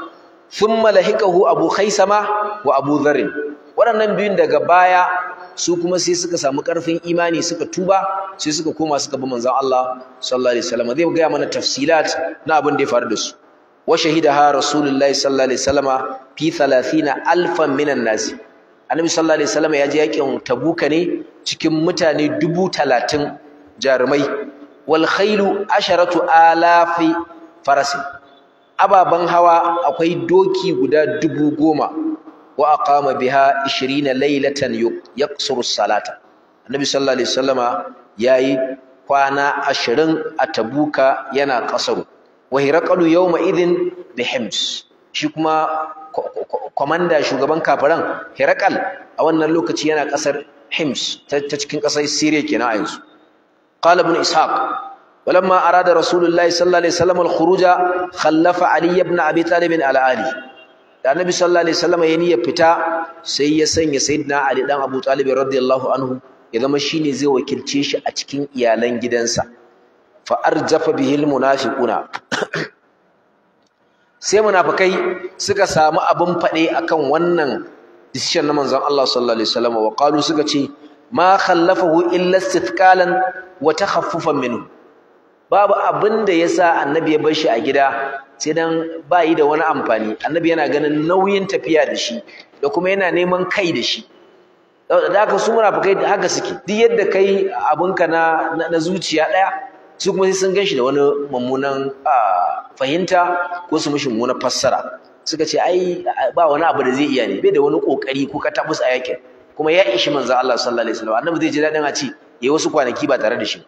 thumma lahiqahu abu khaythama wa abu dharr waɗannan biyun daga baya su kuma sai suka samu ƙarfin imani suka tuba sai suka koma suka bi manzon Allah sallallahu alaihi wasallam zai ga mana tafsilat na abin da ya faru da su wa shahidaha rasulullahi sallallahu alaihi wasallama fi 30000 minan nasi annabi sallallahu alaihi wasallam ya je yakin tabuka ne cikin mutane dubu talatin jarumai wal khailu asharatu alafi farasin ababan hawa akwai doki guda dubu goma wa aqama biha 20 laylatan yaqsuru salata annabi sallallahu alaihi wasallama yayi kwana 20 a tabuka yana kasaru wa hiraqalu yawma idhin bihims shi kuma kwamanda shugaban kafiran Herakal a wannan lokaci yana kasar Hims ta cikin kasar Syria kenan a yanzu qala ibn ishaq walamma arada rasulullahi sallallahu alaihi wasallam al-khuruja khallafa ali ibn abi talib ali da annabi sallallahu alaihi wasallam ya fita sai ya sanya sayyidina ali dan abu talib radiyallahu anhu ya zama shine zai wakilce shi a cikin iyalan gidansa fa arjafa bihil munafiquna sai munafikai suka samu abin faɗe akan wannan decision na manzon Allah sallallahu alaihi wasallam wa qalu suka ce ma khallafahu illa istiqalan wa takhaffufan minhu babu abinda da yasa annabi ya bar shi a gida sai dan bayi da wani amfani annabi yana ganin nauyin tafiya da shi da kuma yana neman kai da shi da haka su munafikai haka suke duk yadda kai abinka na na zuciya daya su kuma sai sun ganshi da wani mummunan fahimta ko su mishi mummunan fassara suka ce ai ba wani abu da zai iya ne bai da wani kokari ko katabus a yakin kuma ya ishi manzo Allah sallallahu alaihi wasallam annabi zai ji dadin a ce yayi wasu kwanaki ba tare da shi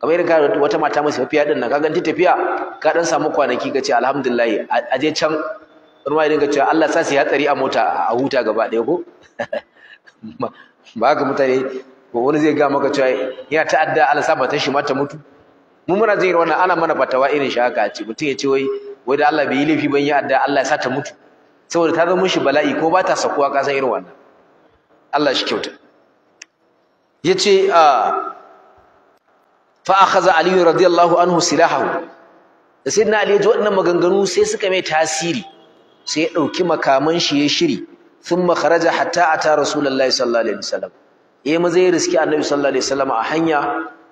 kamar irin ka wata mata mai tafiya din nan ka ganti tafiya ka dan samu kwanaki ka ce alhamdulillah a je can ruwa idan ka ce Allah sa su hatsari a mota a huta gaba ɗaya ko ba haka mutane wani zai ga maka cewa yana ta'adda Allah sa ba ta shi ma ta mutu mu muna jin wannan ana mana fatawa irin shi haka ce mutum ya ce wai wai da Allah bai yi laifi ban yi adda Allah ya sa ta mutu saboda ta zama shi bala'i ko ba ta sakuwa ka san irin wannan Allah shi kyauta yace fa akhadha ali radiyallahu anhu silahahu da na ali ji waɗannan maganganu sai suka mai tasiri sai ya ɗauki makaman shi ya shiri sun makaraja hatta a ta rasulullahi sallallahu alaihi wasallam ya maza ya riski annabi sallallahu alaihi wasallam a hanya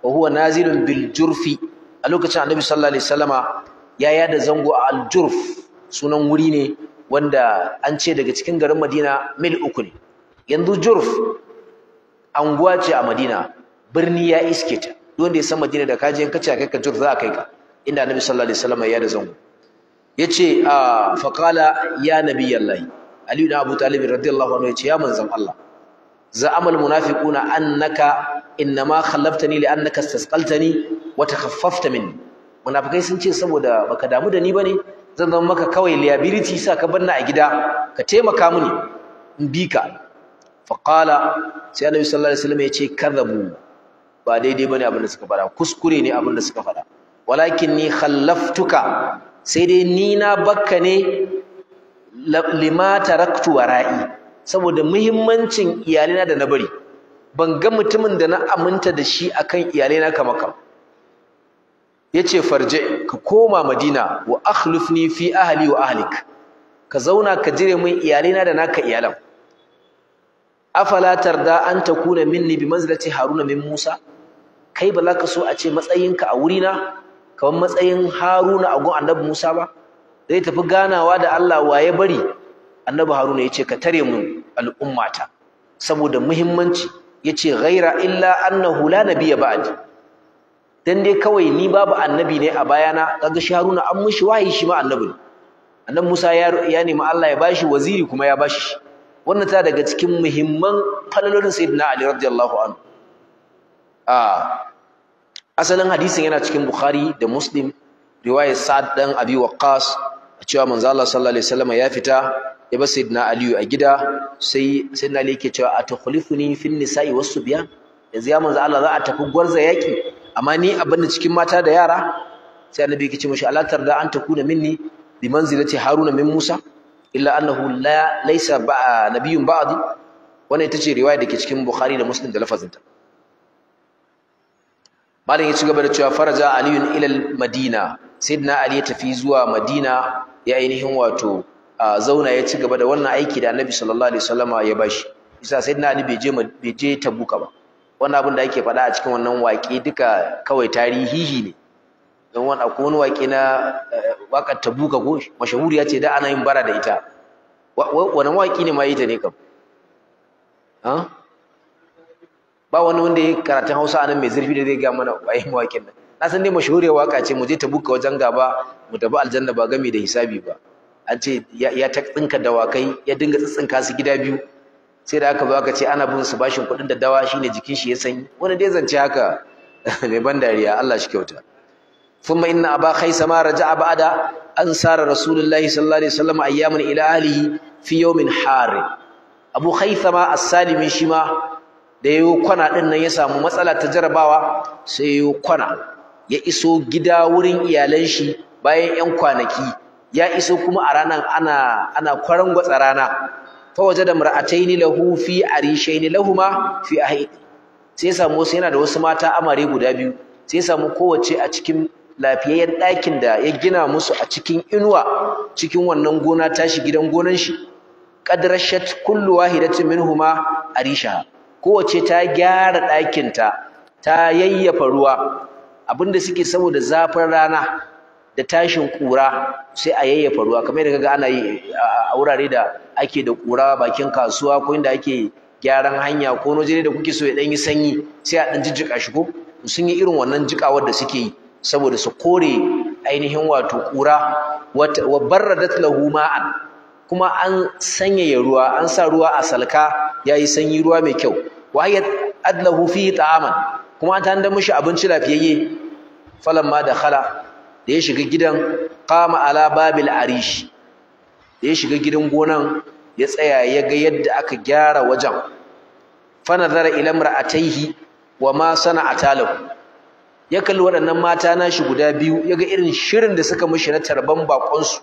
wa huwa nazilun bil jurfi a lokacin annabi sallallahu alaihi wasallama ya yada zango a al jurf sunan wuri ne wanda an ce daga cikin garin Madina mil uku ne yanzu jurf anguwa ce a Madina birni ya iske ta wanda ya san Madina da kaje ce a kai ka jurf za kai ka inda annabi sallallahu alaihi wasallama ya yada zango yace a faƙala ya nabiyallahi Aliyu ibn abu talib radiyallahu anhu yace ya manzon Allah za'amal munafiquna annaka innama li annaka istasqaltani wa takhaffafta minni munafikai sun ce saboda baka damu da ni bane zan zama maka kawai liability sa ka banna a gida ka taimaka mini in bi ka fa qala sai annabi sallallahu alaihi wasallam ya ce kadhabu ba daidai bane abin da suka fada kuskure ne abin da suka fada walakin ni khallaftuka sai dai ni na bakka ne lima taraktu wara'i saboda muhimmancin iyalina da na bari ban ga mutumin da na aminta da shi akan iyalaina kamar kama kam yace farje ka koma madina wa akhlifni fi ahli wa ahlik ka zauna ka jire min iyalaina da naka iyalan afala tarda an takuna minni bi manzilati haruna min musa kai ba za ka so a ce matsayinka a wuri na kamar matsayin haruna a gun annabi musa ba zai tafi ganawa da allah waye bari annabi haruna ya ce ka tare mu al'ummata saboda muhimmanci Ya ce, ghaira illa annahu la nabiyya ba'di dan dai kawai ni babu annabi ne a bayana kaga shi Haruna an mushi wahayi shi ma annabi ne Musa ya ya nemi Allah ya bashi waziri kuma ya bashi shi wannan ta daga cikin muhimman falalolin sayyidina Ali radiyallahu anhu a asalin hadisin yana cikin Bukhari da Muslim riwayar Sa'ad dan Abi waqas cewa manzo Allah sallallahu alaihi wasallam ya fita ya bar sayyidina aliyu a gida sai sayyidina ali yake cewa atakhlifuni fin nisa'i was subyan yanzu ya manzo Allah za a tafi gwarza yaki amma ni abinda cikin mata da yara sai annabi yake ce mishi ala tarda an takuna minni bi manzilati haruna min musa illa annahu la laysa ba nabiyyun ba'di wannan ita ce riwaya dake cikin bukhari da muslim da ta? malam ya ci gaba da cewa faraja aliyun ila madina sayyidina ali ya tafi zuwa madina ya ainihin wato zauna ya ci gaba da wannan aiki da annabi sallallahu alaihi wasallama ya bashi isa sayyidina ali bai je je tabuka ba wannan abin da ake faɗa a cikin wannan waƙe duka kawai tarihihi ne don wani akwai wani waƙe na eh, waƙar tabuka ko mashahuriya ce da ana yin bara da ita wani waki ne ma yi ta ne kam ba wani wanda ya karatun hausa anan mai zurfi da zai ga mana wayin waƙin nan na san dai mashahuriyar waƙa ce mu je tabuka wajen gaba mu tafi aljanna ba gami da hisabi ba an ya ta tsinka dawakai ya dinga tsinka su gida biyu sai da aka zo aka ce ana bin su bashin kuɗin da dawa shine jikin shi ya sanyi wani dai zance haka mai ban dariya Allah shi kyauta ثم إن أبا خيسما رجع an أنصار رسول الله صلى الله عليه وسلم أياما إلى أهله في يوم حار أبو خيسما السالم شما da yayo kwana din nan ya samu matsala ta jarabawa sai yayo kwana ya iso gida wurin iyalan shi bayan 'yan kwanaki ya iso kuma a ranar ana ana kwarangwatsa rana fa wajada mar'ataini lahu fi arishaini ma fi ahid sai samu wasu yana da wasu mata amare guda biyu sai samu kowace a cikin lafiyayyen ɗakin da ya gina musu a cikin inuwa cikin wannan gona tashi gidan gonan shi qadrashat kullu wahidatin minhuma arisha kowace ta gyara ɗakinta ta yayyafa ruwa abinda suke saboda zafin rana da tashin ƙura sai a yayyafa ruwa kamar yadda kaga ana yi a wurare da ake da kura bakin kasuwa ko inda ake gyaran hanya ko waje da kuke so ya dan yi sanyi sai a ɗan jijjiƙa shi ko sun yi irin wannan jiƙawar da suke yi saboda su kore ainihin wato kura wa barradat lahu ma'an kuma an sanyaya ruwa an sa ruwa a salka yayi sanyi ruwa mai kyau wa hayat adlahu fi ta'aman kuma an tanda mishi abinci lafiyayye falamma khala da ya shiga gidan qama ala babil arish da ya shiga gidan gonan ya tsaya ya ga yadda aka gyara wajen fa nazara ila imra'atayhi wa ma sana'ata lahu ya kalli waɗannan mata na shi guda biyu ya ga irin shirin da suka mishi na tarban bakon su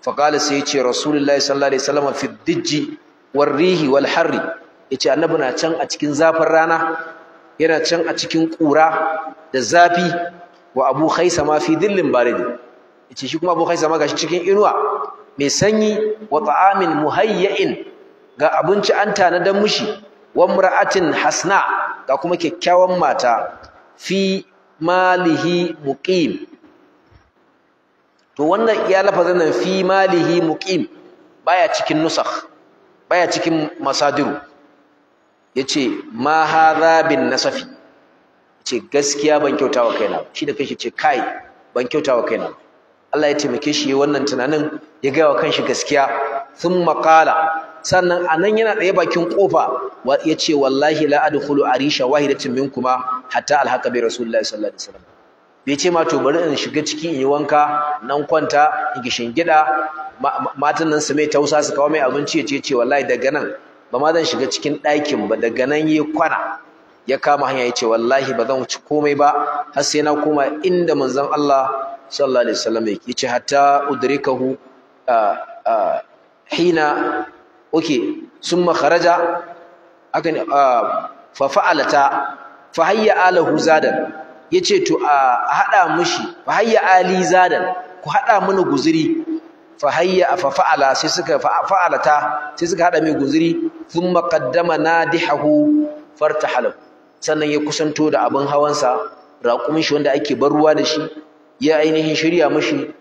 fa qala sai ya ce rasulullahi sallallahu alaihi wasallam fi dijji war rihi wal harri yace annabi na can a cikin zafin rana yana can a cikin ƙura da zafi wa abu ma fi dhillin baridi yace shi kuma abu ma gashi cikin inuwa mai sanyi wa ta'amin muhayya'in ga abinci an dan mushi wa mura'atin hasna ga kuma kyakkyawan mata fi malihi muqim to wannan ya lafazin nan fi malihi muqim baya cikin nusakh baya cikin masadiru yace ma hadha bin nasafi ce gaskiya ban kyauta wa kaina shi da kanshi ce kai ban kyauta wa kaina Allah ya taimake shi wannan tunanin ya gaya wa kanshi gaskiya thumma qala sannan anan yana da bakin kofa ya ce wallahi la adkhulu arisha wahidatin minkuma hatta alhaqa bi rasulullahi sallallahu alaihi wasallam bai ce ma to bari in shiga ciki in yi wanka nan kwanta in gishin gida matan nan su mai tausa su kawo mai abinci ya ce ce wallahi daga nan ba ma zan shiga cikin ɗakin ba daga nan yi kwana ya kama hanya ya ce wallahi ba zan ci komai ba har sai na koma inda manzon Allah sallallahu alaihi wasallam yake yace hatta udrikahu hina okay summa kharaja akan fa fa'alata fa hayya alahu zadan yace to a hada mushi fa hayya ali zadan ku hada mana guzuri fa hayya fa fa'ala sai suka fa'alata sai suka hada mai guzuri thumma qaddama nadihahu fartahalahu sannan ya kusanto da abin hawan sa raƙumin shi wanda ake bar ruwa da shi ya ainihin shirya mashi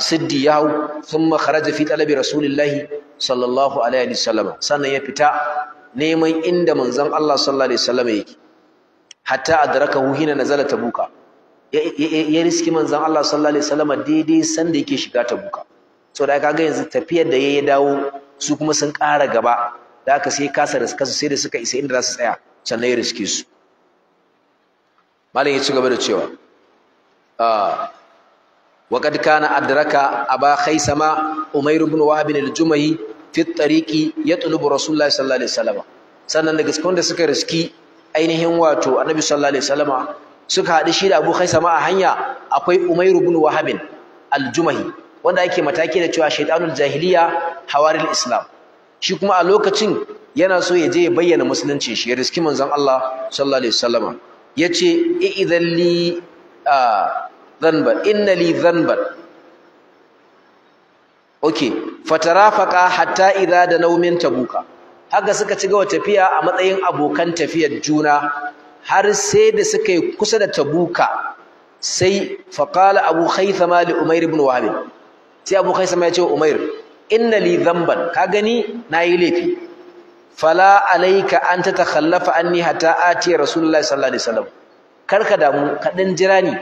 siddi ya hau thumma kharaja fi talabi rasulillahi sallallahu alaihi wasallam sannan ya fita neman inda manzon Allah sallallahu alaihi wasallam yake hatta adrakahu hina nazala tabuka ya riski manzon Allah sallallahu alaihi wasallam daidai sanda yake shiga tabuka so da kaga yanzu tafiyar da ya yayi dawo su kuma sun ƙara gaba da aka sai kasa da suka sai da suka isa inda za su tsaya sannan ya riske su malam ya ci gaba da cewa ah, wa kad kana adraka aba khaisama umair ibn wahab al-jumahi fi at-tariqi yatlubu rasulullahi sallallahu alaihi wasallam sannan daga cikin da suka riski ainihin wato annabi sallallahu alaihi wasallam suka haɗu shi da abu khaisama a hanya akwai umair ibn Wahabin al-jumahi wanda ake mataki da cewa shaitanul jahiliya hawaril islam shi kuma a lokacin yana so ya je ya bayyana musulunci shi ya riski manzon Allah sallallahu alaihi wasallam Ya ce idan li zanbar inna li Zanbar, okay fatarafaqa hatta idza da naumin tabuka haka suka ci gaba tafiya a matsayin abokan tafiyar juna har sai da suka yi kusa da tabuka sai faƙala abu khaythama li umair ibn wahab sai abu khaythama ya ce umair inna li Zanbar, ka gani na yi laifi fala alaika an ta tatakhallafa anni hatta ati rasulullahi sallallahu alaihi wasallam karka damu ka dan jira ni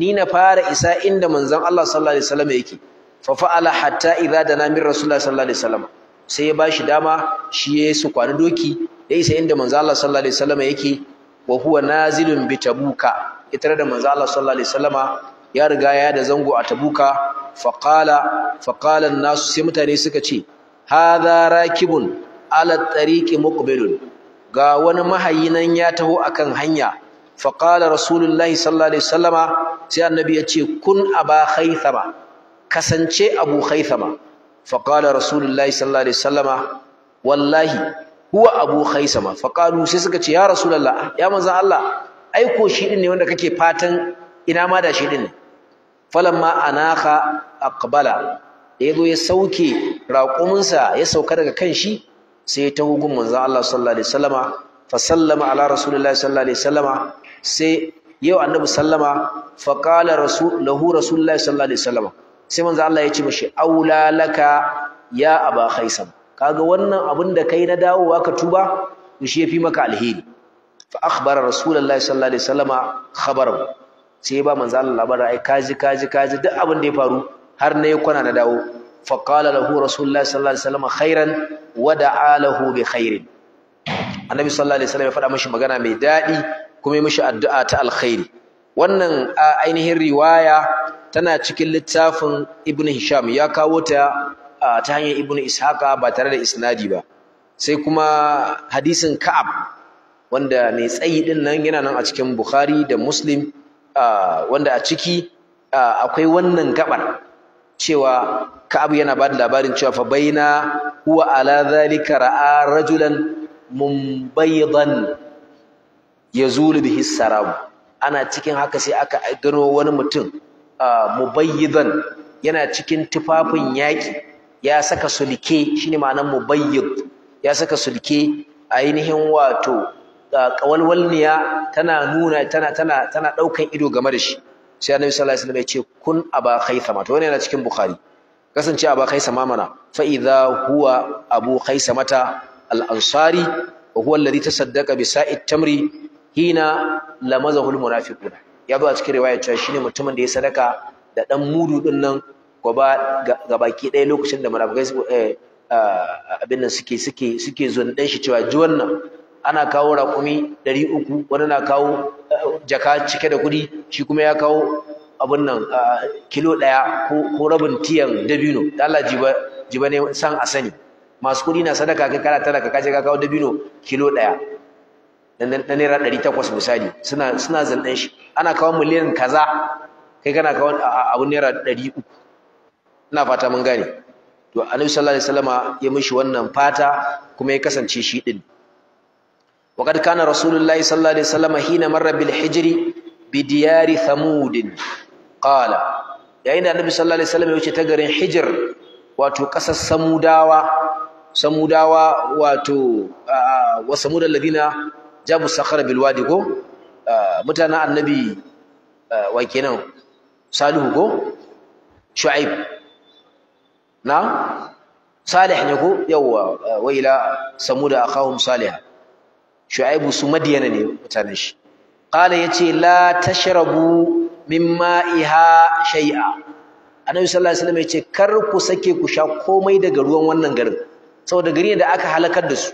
ni na fara isa inda manzon Allah sallallahu alaihi wasallam yake fa fa'ala hatta idza dana min rasulullahi sallallahu alaihi wasallam sai ya bashi dama shi ya su kwana doki ya isa inda manzon Allah sallallahu alaihi wasallam yake wa huwa nazilun bi tabuka itare da manzon Allah sallallahu alaihi wasallama ya riga ya da zango a tabuka faƙala faƙalan nasu sai mutane suka ce haza rakibun ala tariqi muqbilun ga wani mahayi ya taho akan hanya fa qala rasulullahi sallallahu alaihi wasallama sai annabi ya ce kun aba khaythama kasance abu khaythama fa qala rasulullahi sallallahu alaihi wasallama wallahi huwa abu khaythama fa sai suka ce ya rasulullah ya manzon Allah aiko shi din ne wanda kake fatan ina ma da shi din ne falamma anaka aqbala yazo ya sauke raƙuminsa ya sauka daga kan shi sai ta hukun manzan Allah sallallahu alaihi wasallama fa sallama ala rasulullahi sallallahu alaihi wasallama sai yau annabi sallama fa qala rasul lahu rasulullahi sallallahu alaihi wasallama sai manzan Allah ya ce mishi aula laka ya aba khaisam kaga wannan abin da kai na dawowa ka tuba shi yafi maka alheri fa akhbara rasulullahi sallallahu alaihi wasallama khabaru sai ba manzan Allah labarin ai kaji kaji kaji duk abin da ya faru har na yi kwana na dawo فقال له رسول الله صلى الله عليه وسلم خيرا ودعا له بخير النبي صلى الله عليه وسلم ya faɗa mishi magana mai daɗi kuma ya mishi addu'a ta alkhairi wannan ainihin riwaya tana cikin littafin Ibn Hisham ya kawo ta ta hanyar Ibn Ishaqa ba tare da isnadi ba sai kuma hadisin Ka'ab wanda mai tsayi din nan yana nan a cikin Bukhari da Muslim wanda a ciki akwai wannan gabar cewa abu yana ba da labarin cewa fa bayna huwa ala zalika ra'a rajulan mumbaydan yazul bihi sarab ana cikin haka sai aka gano wani mutum mubayyidan yana cikin tufafin yaƙi ya saka sulke shine ma'anar mubayyid ya saka sulke ainihin wato kawalwalniya tana nuna tana tana tana ɗaukan ido game da shi sai annabi sallallahu alaihi wasallam ya ce kun aba khaythama to wannan yana cikin bukhari kasance abu Kaisa Mamana, fa idza huwa abu al-ansari wa huwa alladhi tasaddaqa bi sa'id tamri hina lamazahu al-munafiqun ya zo a cikin riwaya cewa shine mutumin da ya sadaka da dan mudu din nan gaba baki ɗaya lokacin da munafikai eh, ah, abin nan suke suke suke zundan shi cewa ji wannan ana kawo raƙumi ɗari uku wani na kawo eh, jaka cike da kuɗi shi kuma ya kawo abun nan kilo ɗaya ko rabin tiyan dabino da Allah jiba ne san a sani masu kuɗi na sadaka kai kana ka kace ka kawo dabino kilo ɗaya na naira ɗari takwas misali suna suna zanɗan shi ana kawo miliyan kaza kai kana kawo abun naira ɗari uku ina fata mun gane to annabi sallallahu alaihi wasallama ya mishi wannan fata kuma ya kasance shi din وقد كان رسول الله صلى الله عليه وسلم حين مر بالحجر بديار ثمود qala yayin da annabi sallallahu alaihi wasallam ya wuce ta garin hijr wato kasar samudawa samudawa wato wa samud alladhina jabu sakhara bil wadi ko mutanen annabi wa kenan salihu ko shu'aib na salih ne ko yawa wa ila samuda akhahum salih shu'aibu su madiyana ne mutanen shi qala yace la tashrabu min ma'iha shay'a annabi sallallahu alaihi wasallam yace kar ku sake ku sha komai daga ruwan wannan garin saboda gari ne da aka halakar da su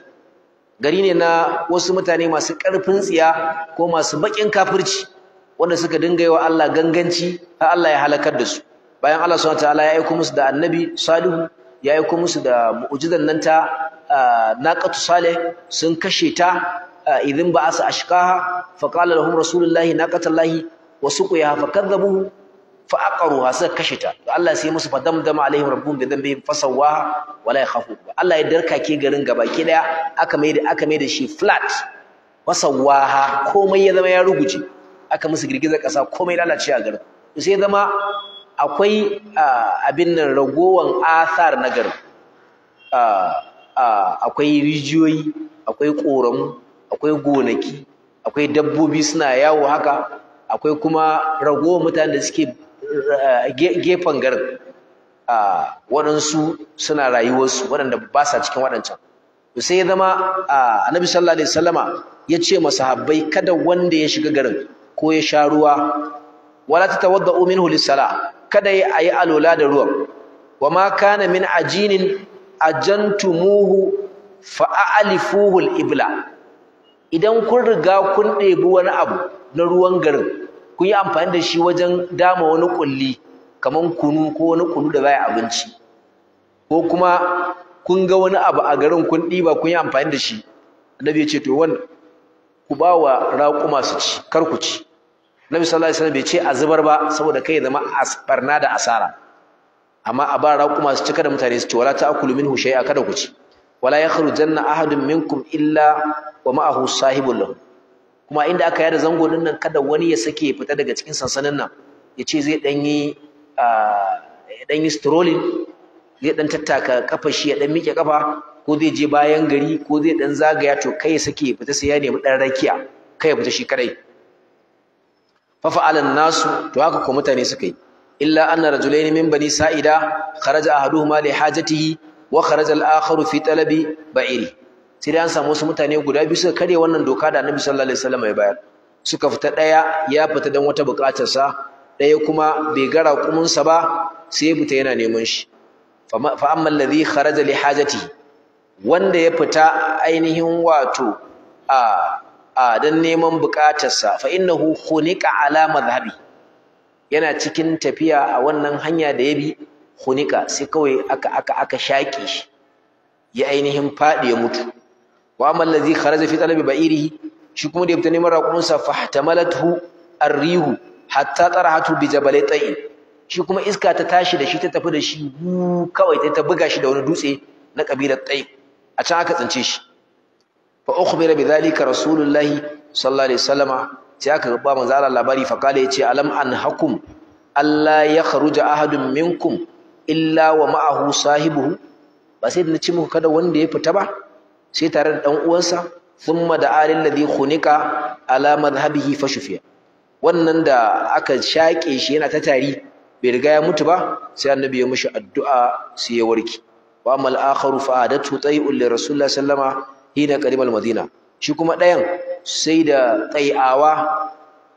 gari ne na wasu mutane masu karfin tsiya ko masu baƙin kafirci wanda suka dinga yi wa Allah ganganci har Allah ya halakar da su bayan Allah subhanahu wataala ya aika musu da annabi salihu ya aika musu da mu'jizan nan ta naqatu salih sun kashe ta idin ba'asa ashqaha fa qala lahum rasulullahi allahi wasu suqiya fa kadzabu fa aqaruha suka kashe ta to Allah sai musu fa damdama alaihim rabbuhum bi dhanbihim fasawwa wala yakhafu Allah ya darkake garin gabaki daya aka mai da aka mai da shi flat sawwaha komai ya zama ya ruguje aka musu girgizar kasa komai lalace a garin to sai zama akwai abin nan ragowan athar na garin akwai rijiyoyi akwai ƙoramu akwai gonaki akwai dabbobi suna yawo haka akwai kuma ragowar mutanen da suke eh, gefen garin ah, waɗansu suna rayuwarsu waɗanda ba sa cikin waɗancan to sai ya zama ah, annabi sallallahu alaihi wasallama ya ce masahabbai kada wanda ya shiga garin ko ya sha ruwa wala tatawadda'u minhu lis-sala kada ya ayi alola da ruwan Wa ma kana min ajinin ajantumuhu fa'alifuhu al-ibla idan kun riga kun ɗebi wani abu na ruwan garin kun yi amfani da shi wajen dama wani kulli kamar kunu ko wani kunu da baya abinci ko kuma kun ga wani abu a garin kun ɗiba kun yi amfani da shi annabi ya ce to wannan ku ba wa raƙuma su ci kar ku ci annabi sallallahu alaihi wasallam bai ce a zubar ba saboda kai zama asbarna da asara amma a ba raƙuma su ci kada mutane su ci wala ta'kulu minhu shay'a kada ku ci wala janna ahadun minkum illa wa ma'ahu sahibul lahu kuma inda aka yada zango din nan kada wani ya sake fita daga cikin sansanin nan yace ce zai dan yi dan yi strolling zai dan tattaka kafa shi ya dan mike kafa ko zai je bayan gari ko zai dan zagaya to kai ya sake fita sai ya nemi dan rakiya kai ya fita shi kadai fa fa'alan nasu to haka ko mutane suka yi illa anna rajulaini min bani sa'ida kharaja ahaduhuma li hajatihi wa kharajal akharu fi talabi ba'iri sai dai an samu wasu mutane guda biyu suka karya wannan doka da Annabi sallallahu alaihi wasallam ya bayar suka fita daya ya fita dan wata bukatar sa daya kuma bai gara kumun sa ba sai ya fita yana neman shi fa amma alladhi kharaja li hajati wanda ya fita ainihin wato a a dan neman sa, fa innahu khunika ala madhhabi yana cikin tafiya a wannan hanya da ya bi hunika sai kawai aka aka aka shaƙe shi ya ainihin faɗi ya mutu wa amma allazi kharaja fi talabi ba'irihi shi kuma da ya fita neman raƙuminsa fahtamalathu arrihu hatta tsarahatu bi jabalai tsayin shi kuma iska ta tashi da shi ta tafi da shi kawai ta buga shi da wani dutse na kabilar tsayin a can aka tsince shi fa ukhbira bi dhalika rasulullahi sallallahu alaihi wasallama sai aka ba manzo Allah labari fa kale yace alam an hakum alla yakhruja ahadun minkum illa wa ma'ahu sahibuhu ba sai na ce muku kada wanda ya fita ba sai tare da dan uwansa thumma da alil ladhi khunika ala madhhabihi fashufiya wannan da aka shaƙe shi yana ta tari bai riga ya mutu ba sai annabi ya mishi addu'a sai ya warke wa amal akharu fa adatu tai'un li rasulillah sallama hina qadimal madina shi kuma ɗayan sai da tai'awa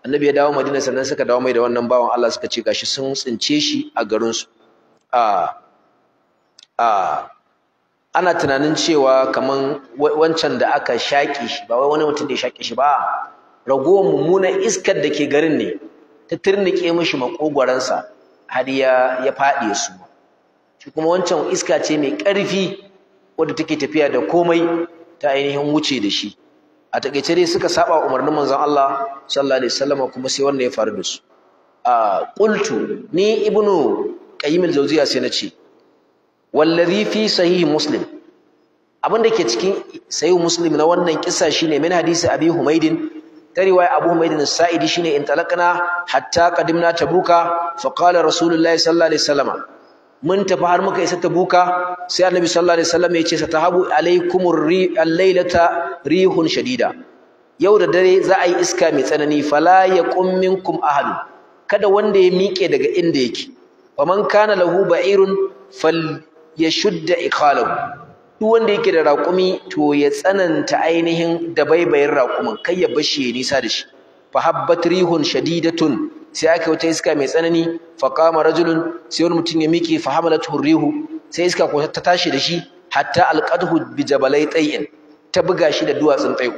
annabi ya dawo madina sannan suka dawo mai da wannan bawan Allah suka ce gashi sun tsince shi a garinsu. ana tunanin cewa kamar wancan da aka shaƙe shi ba wai wani mutum da ya shaƙe shi ba ragowar mummunan iskar da ke garin ne ta turnike mishi makogwaransa har ya ya faɗi su shi kuma wancan iska ce mai ƙarfi wadda take tafiya da komai ta ainihin wuce da shi a takaice dai suka saba umarnin manzon Allah sallallahu alaihi wasallam kuma sai wannan ya faru da su a qultu ni ibnu qayyim al-jawziya sai na ce wallazi fi sahih muslim abin da ke cikin sahih muslim na wannan kissa shine min hadisi abi humaydin ta riwaya abu humaydin saidi shine in talakana hatta qadimna tabuka fa qala rasulullahi sallallahu alaihi wasallam mun tafi har muka isa tabuka sai annabi sallallahu alaihi wasallam ya ce satahabu alaikumur al rihun shadida yau da dare za a yi iska mai tsanani "Falaya, yaqum minkum kada wanda ya miƙe daga inda yake faman kana lahu ba'irun falyashudda iqalahu duk wanda yake da raƙumi to ya tsananta ainihin dabaibayin raƙumin kai ya bashi ya nisa da shi fa rihun shadidatun sai wata iska mai tsanani fa qama rajulun sai wani mutum ya miƙe fa hamalathu rihu sai iska ko ta tashi da shi hatta alqadhu bi jabalai tayyin ta buga shi da duwatsun tsayu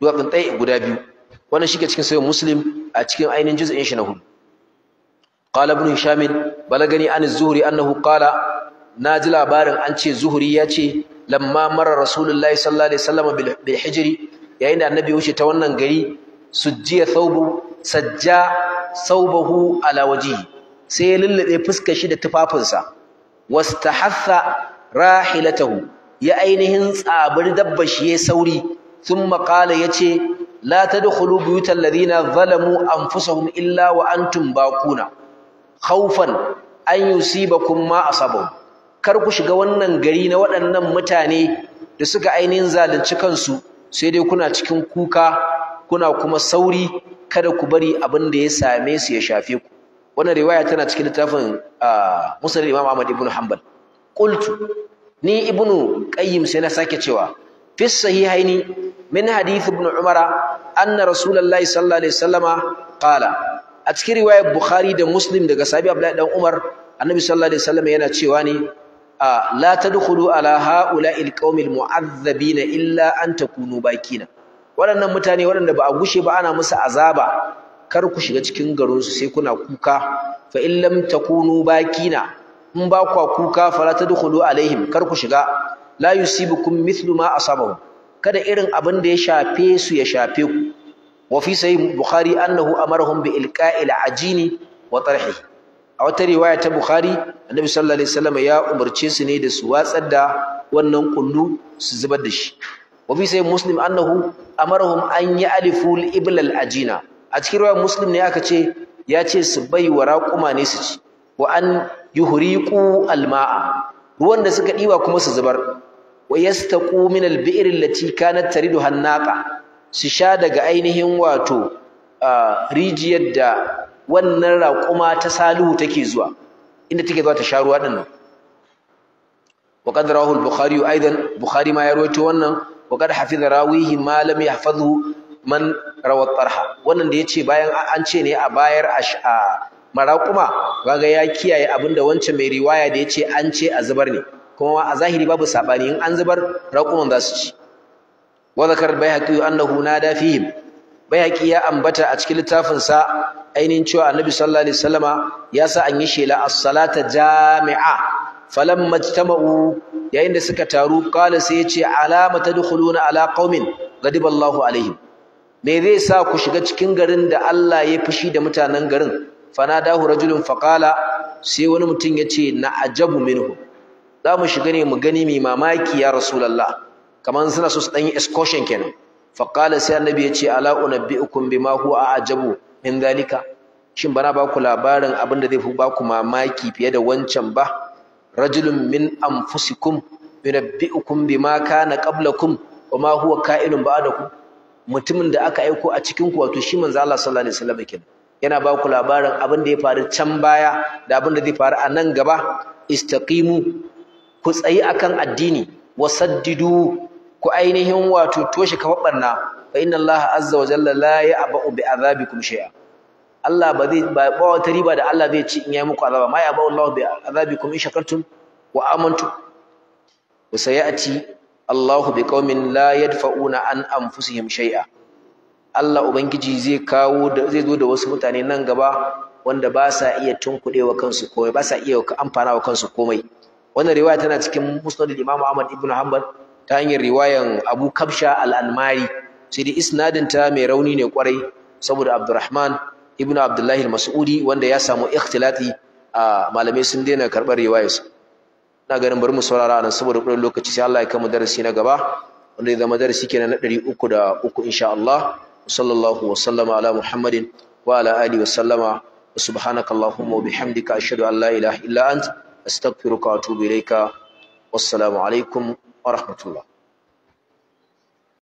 guda biyu wannan shike cikin sayyid muslim a cikin ainihin juz'in shi na hudu قال ابن هشام بلغني عن الزهري أنه قال ناجل بارن أنشي زهري ياتي لما مر رسول الله صلى الله عليه وسلم بالحجر يعني النبي وشي تونا غري سجي ثوبه سجى ثوبه على وجهه sai ya lullube fuskar shi da tufafinsa wastahatha rahilatahu ya ainihin tsabar dabba shi ya sauri thumma qala yace la tadkhulu buyutal ladina zalamu anfusahum illa wa antum baquna khaufan an yusibakum ma asabu kar ku shiga wannan gari na waɗannan mutane da suka ainihin zalunci kansu sai dai kuna cikin kuka kuna kuma sauri kada ku bari abin da ya same su ya shafe ku wannan riwaya tana cikin littafin ah, musnad imam ahmad ibn hanbal qultu ni ibnu qayyim sai na sake cewa fi sahihaini min hadith ibn umara anna rasulullahi sallallahu alaihi wasallama qala a cikin riwayar bukhari da muslim daga sabi abdullahi dan umar annabi sallallahu alaihi wasallam yana cewa ne la tadkhulu ala ha'ula'il qaumil mu'azzabina illa an takunu bakina waɗannan mutane waɗanda ba a gushe ba ana musu azaba kar ku shiga cikin garin su sai kuna kuka fa in lam takunu bakina in ba kwa kuka fala tadkhulu alaihim kar ku shiga la yusibukum mithlu ma kada irin abin da ya shafe su ya shafe ku wa fi sahih bukhari annahu amarahum bi ilqa'il ajini wa a wata riwaya ta bukhari annabi sallallahu alaihi wasallam ya umarce su ne da su watsar da wannan kullu su zubar da shi wa fi sahih muslim annahu amarahum an ya'lifu al-ibl al-ajina a cikin riwayar muslim ne aka ce ya ce su bai wa raƙuma ne su ci wa an yuhriqu al-ma'a ruwan da suka diba kuma su zubar wa yastaqu min al-bi'r allati kanat taridu hannaqa su sha daga ainihin wato rijiyar da wannan raƙuma ta salihu take zuwa inda take zuwa ta sha ruwa ɗin nan وقد رواه البخاري Bukhari بخاري ما يروي wannan وقد حفظ راويه ما لم يحفظه man rawar tarha wannan da yace bayan an ce ne a bayar a maraquma kaga ya kiyaye abinda wancan mai riwaya da yace an ce a zubar ne kuma a zahiri babu sabani in an zubar raquman za su ci wa zakar bayhaqi annahu nada fihim haƙi ya ambata a cikin littafin sa ainihin cewa annabi sallallahu alaihi wasallama ya sa an yi shela as-salata jami'a falamma ijtama'u yayin da suka taru qala sai ya ce alama tadkhuluna ala qaumin ghadiballahu alaihim me zai sa ku shiga cikin garin da Allah ya fishi da mutanen garin fanadahu rajulun faqala sai wani mutum yace na ajabu minhu za mu shiga ne mu gani mai mamaki ya rasulullah kamar suna so su dan yi excursion kenan fa qala sai annabi ya ce ala unabbiukum bima huwa ajabu min zalika shin bana ba ku labarin abin da zai fi ba ku mamaki fiye da wancan ba rajulun min anfusikum yunabbiukum bima kana qablakum ma huwa ka'inun ba'dakum mutumin da aka aiko a cikin ku wato shi manzo Allah sallallahu alaihi wasallam kenan yana ba ku labarin abin da ya faru can baya da abin da zai faru a nan gaba istaqimu ku tsayi akan addini wasaddidu ku ainihin wato toshe kafaɓar na fa inna Allah azza wa jalla la ya'ba'u bi azabikum shay'a Allah ba zai ba wata riba da Allah zai ci in yayi muku azaba ma ya'ba'u Allah bi azabikum in shakartum wa amantum wa sayati Allahu bi qaumin la yadfa'una an anfusihim shay'a Allah ubangiji zai kawo zai zo da wasu mutane nan gaba wanda ba sa iya tunkudewa kansu komai ba sa iya amfana wa kansu komai wannan riwaya tana cikin musnad al-Imam Ahmad ibn Hanbal ta hanyar riwayan Abu Kabsha al-Almari sai dai isnadin ta mai rauni ne kwarai saboda Abdurrahman ibn Abdullahi al-Mas'udi wanda ya samu ikhtilati a malamai sun daina karɓar riwayarsa ina ganin bari mu saurara nan saboda kudin lokaci sai Allah ya kama darasi na gaba wanda ya zama darasi kenan na 303 insha Allah sallallahu wa sallama ala Muhammadin wa ala alihi wa sallama سبحانك اللهم وبحمدك أشهد أن لا إله إلا أنت أستغفرك وأتوب إليك والسلام عليكم wa rahmatullah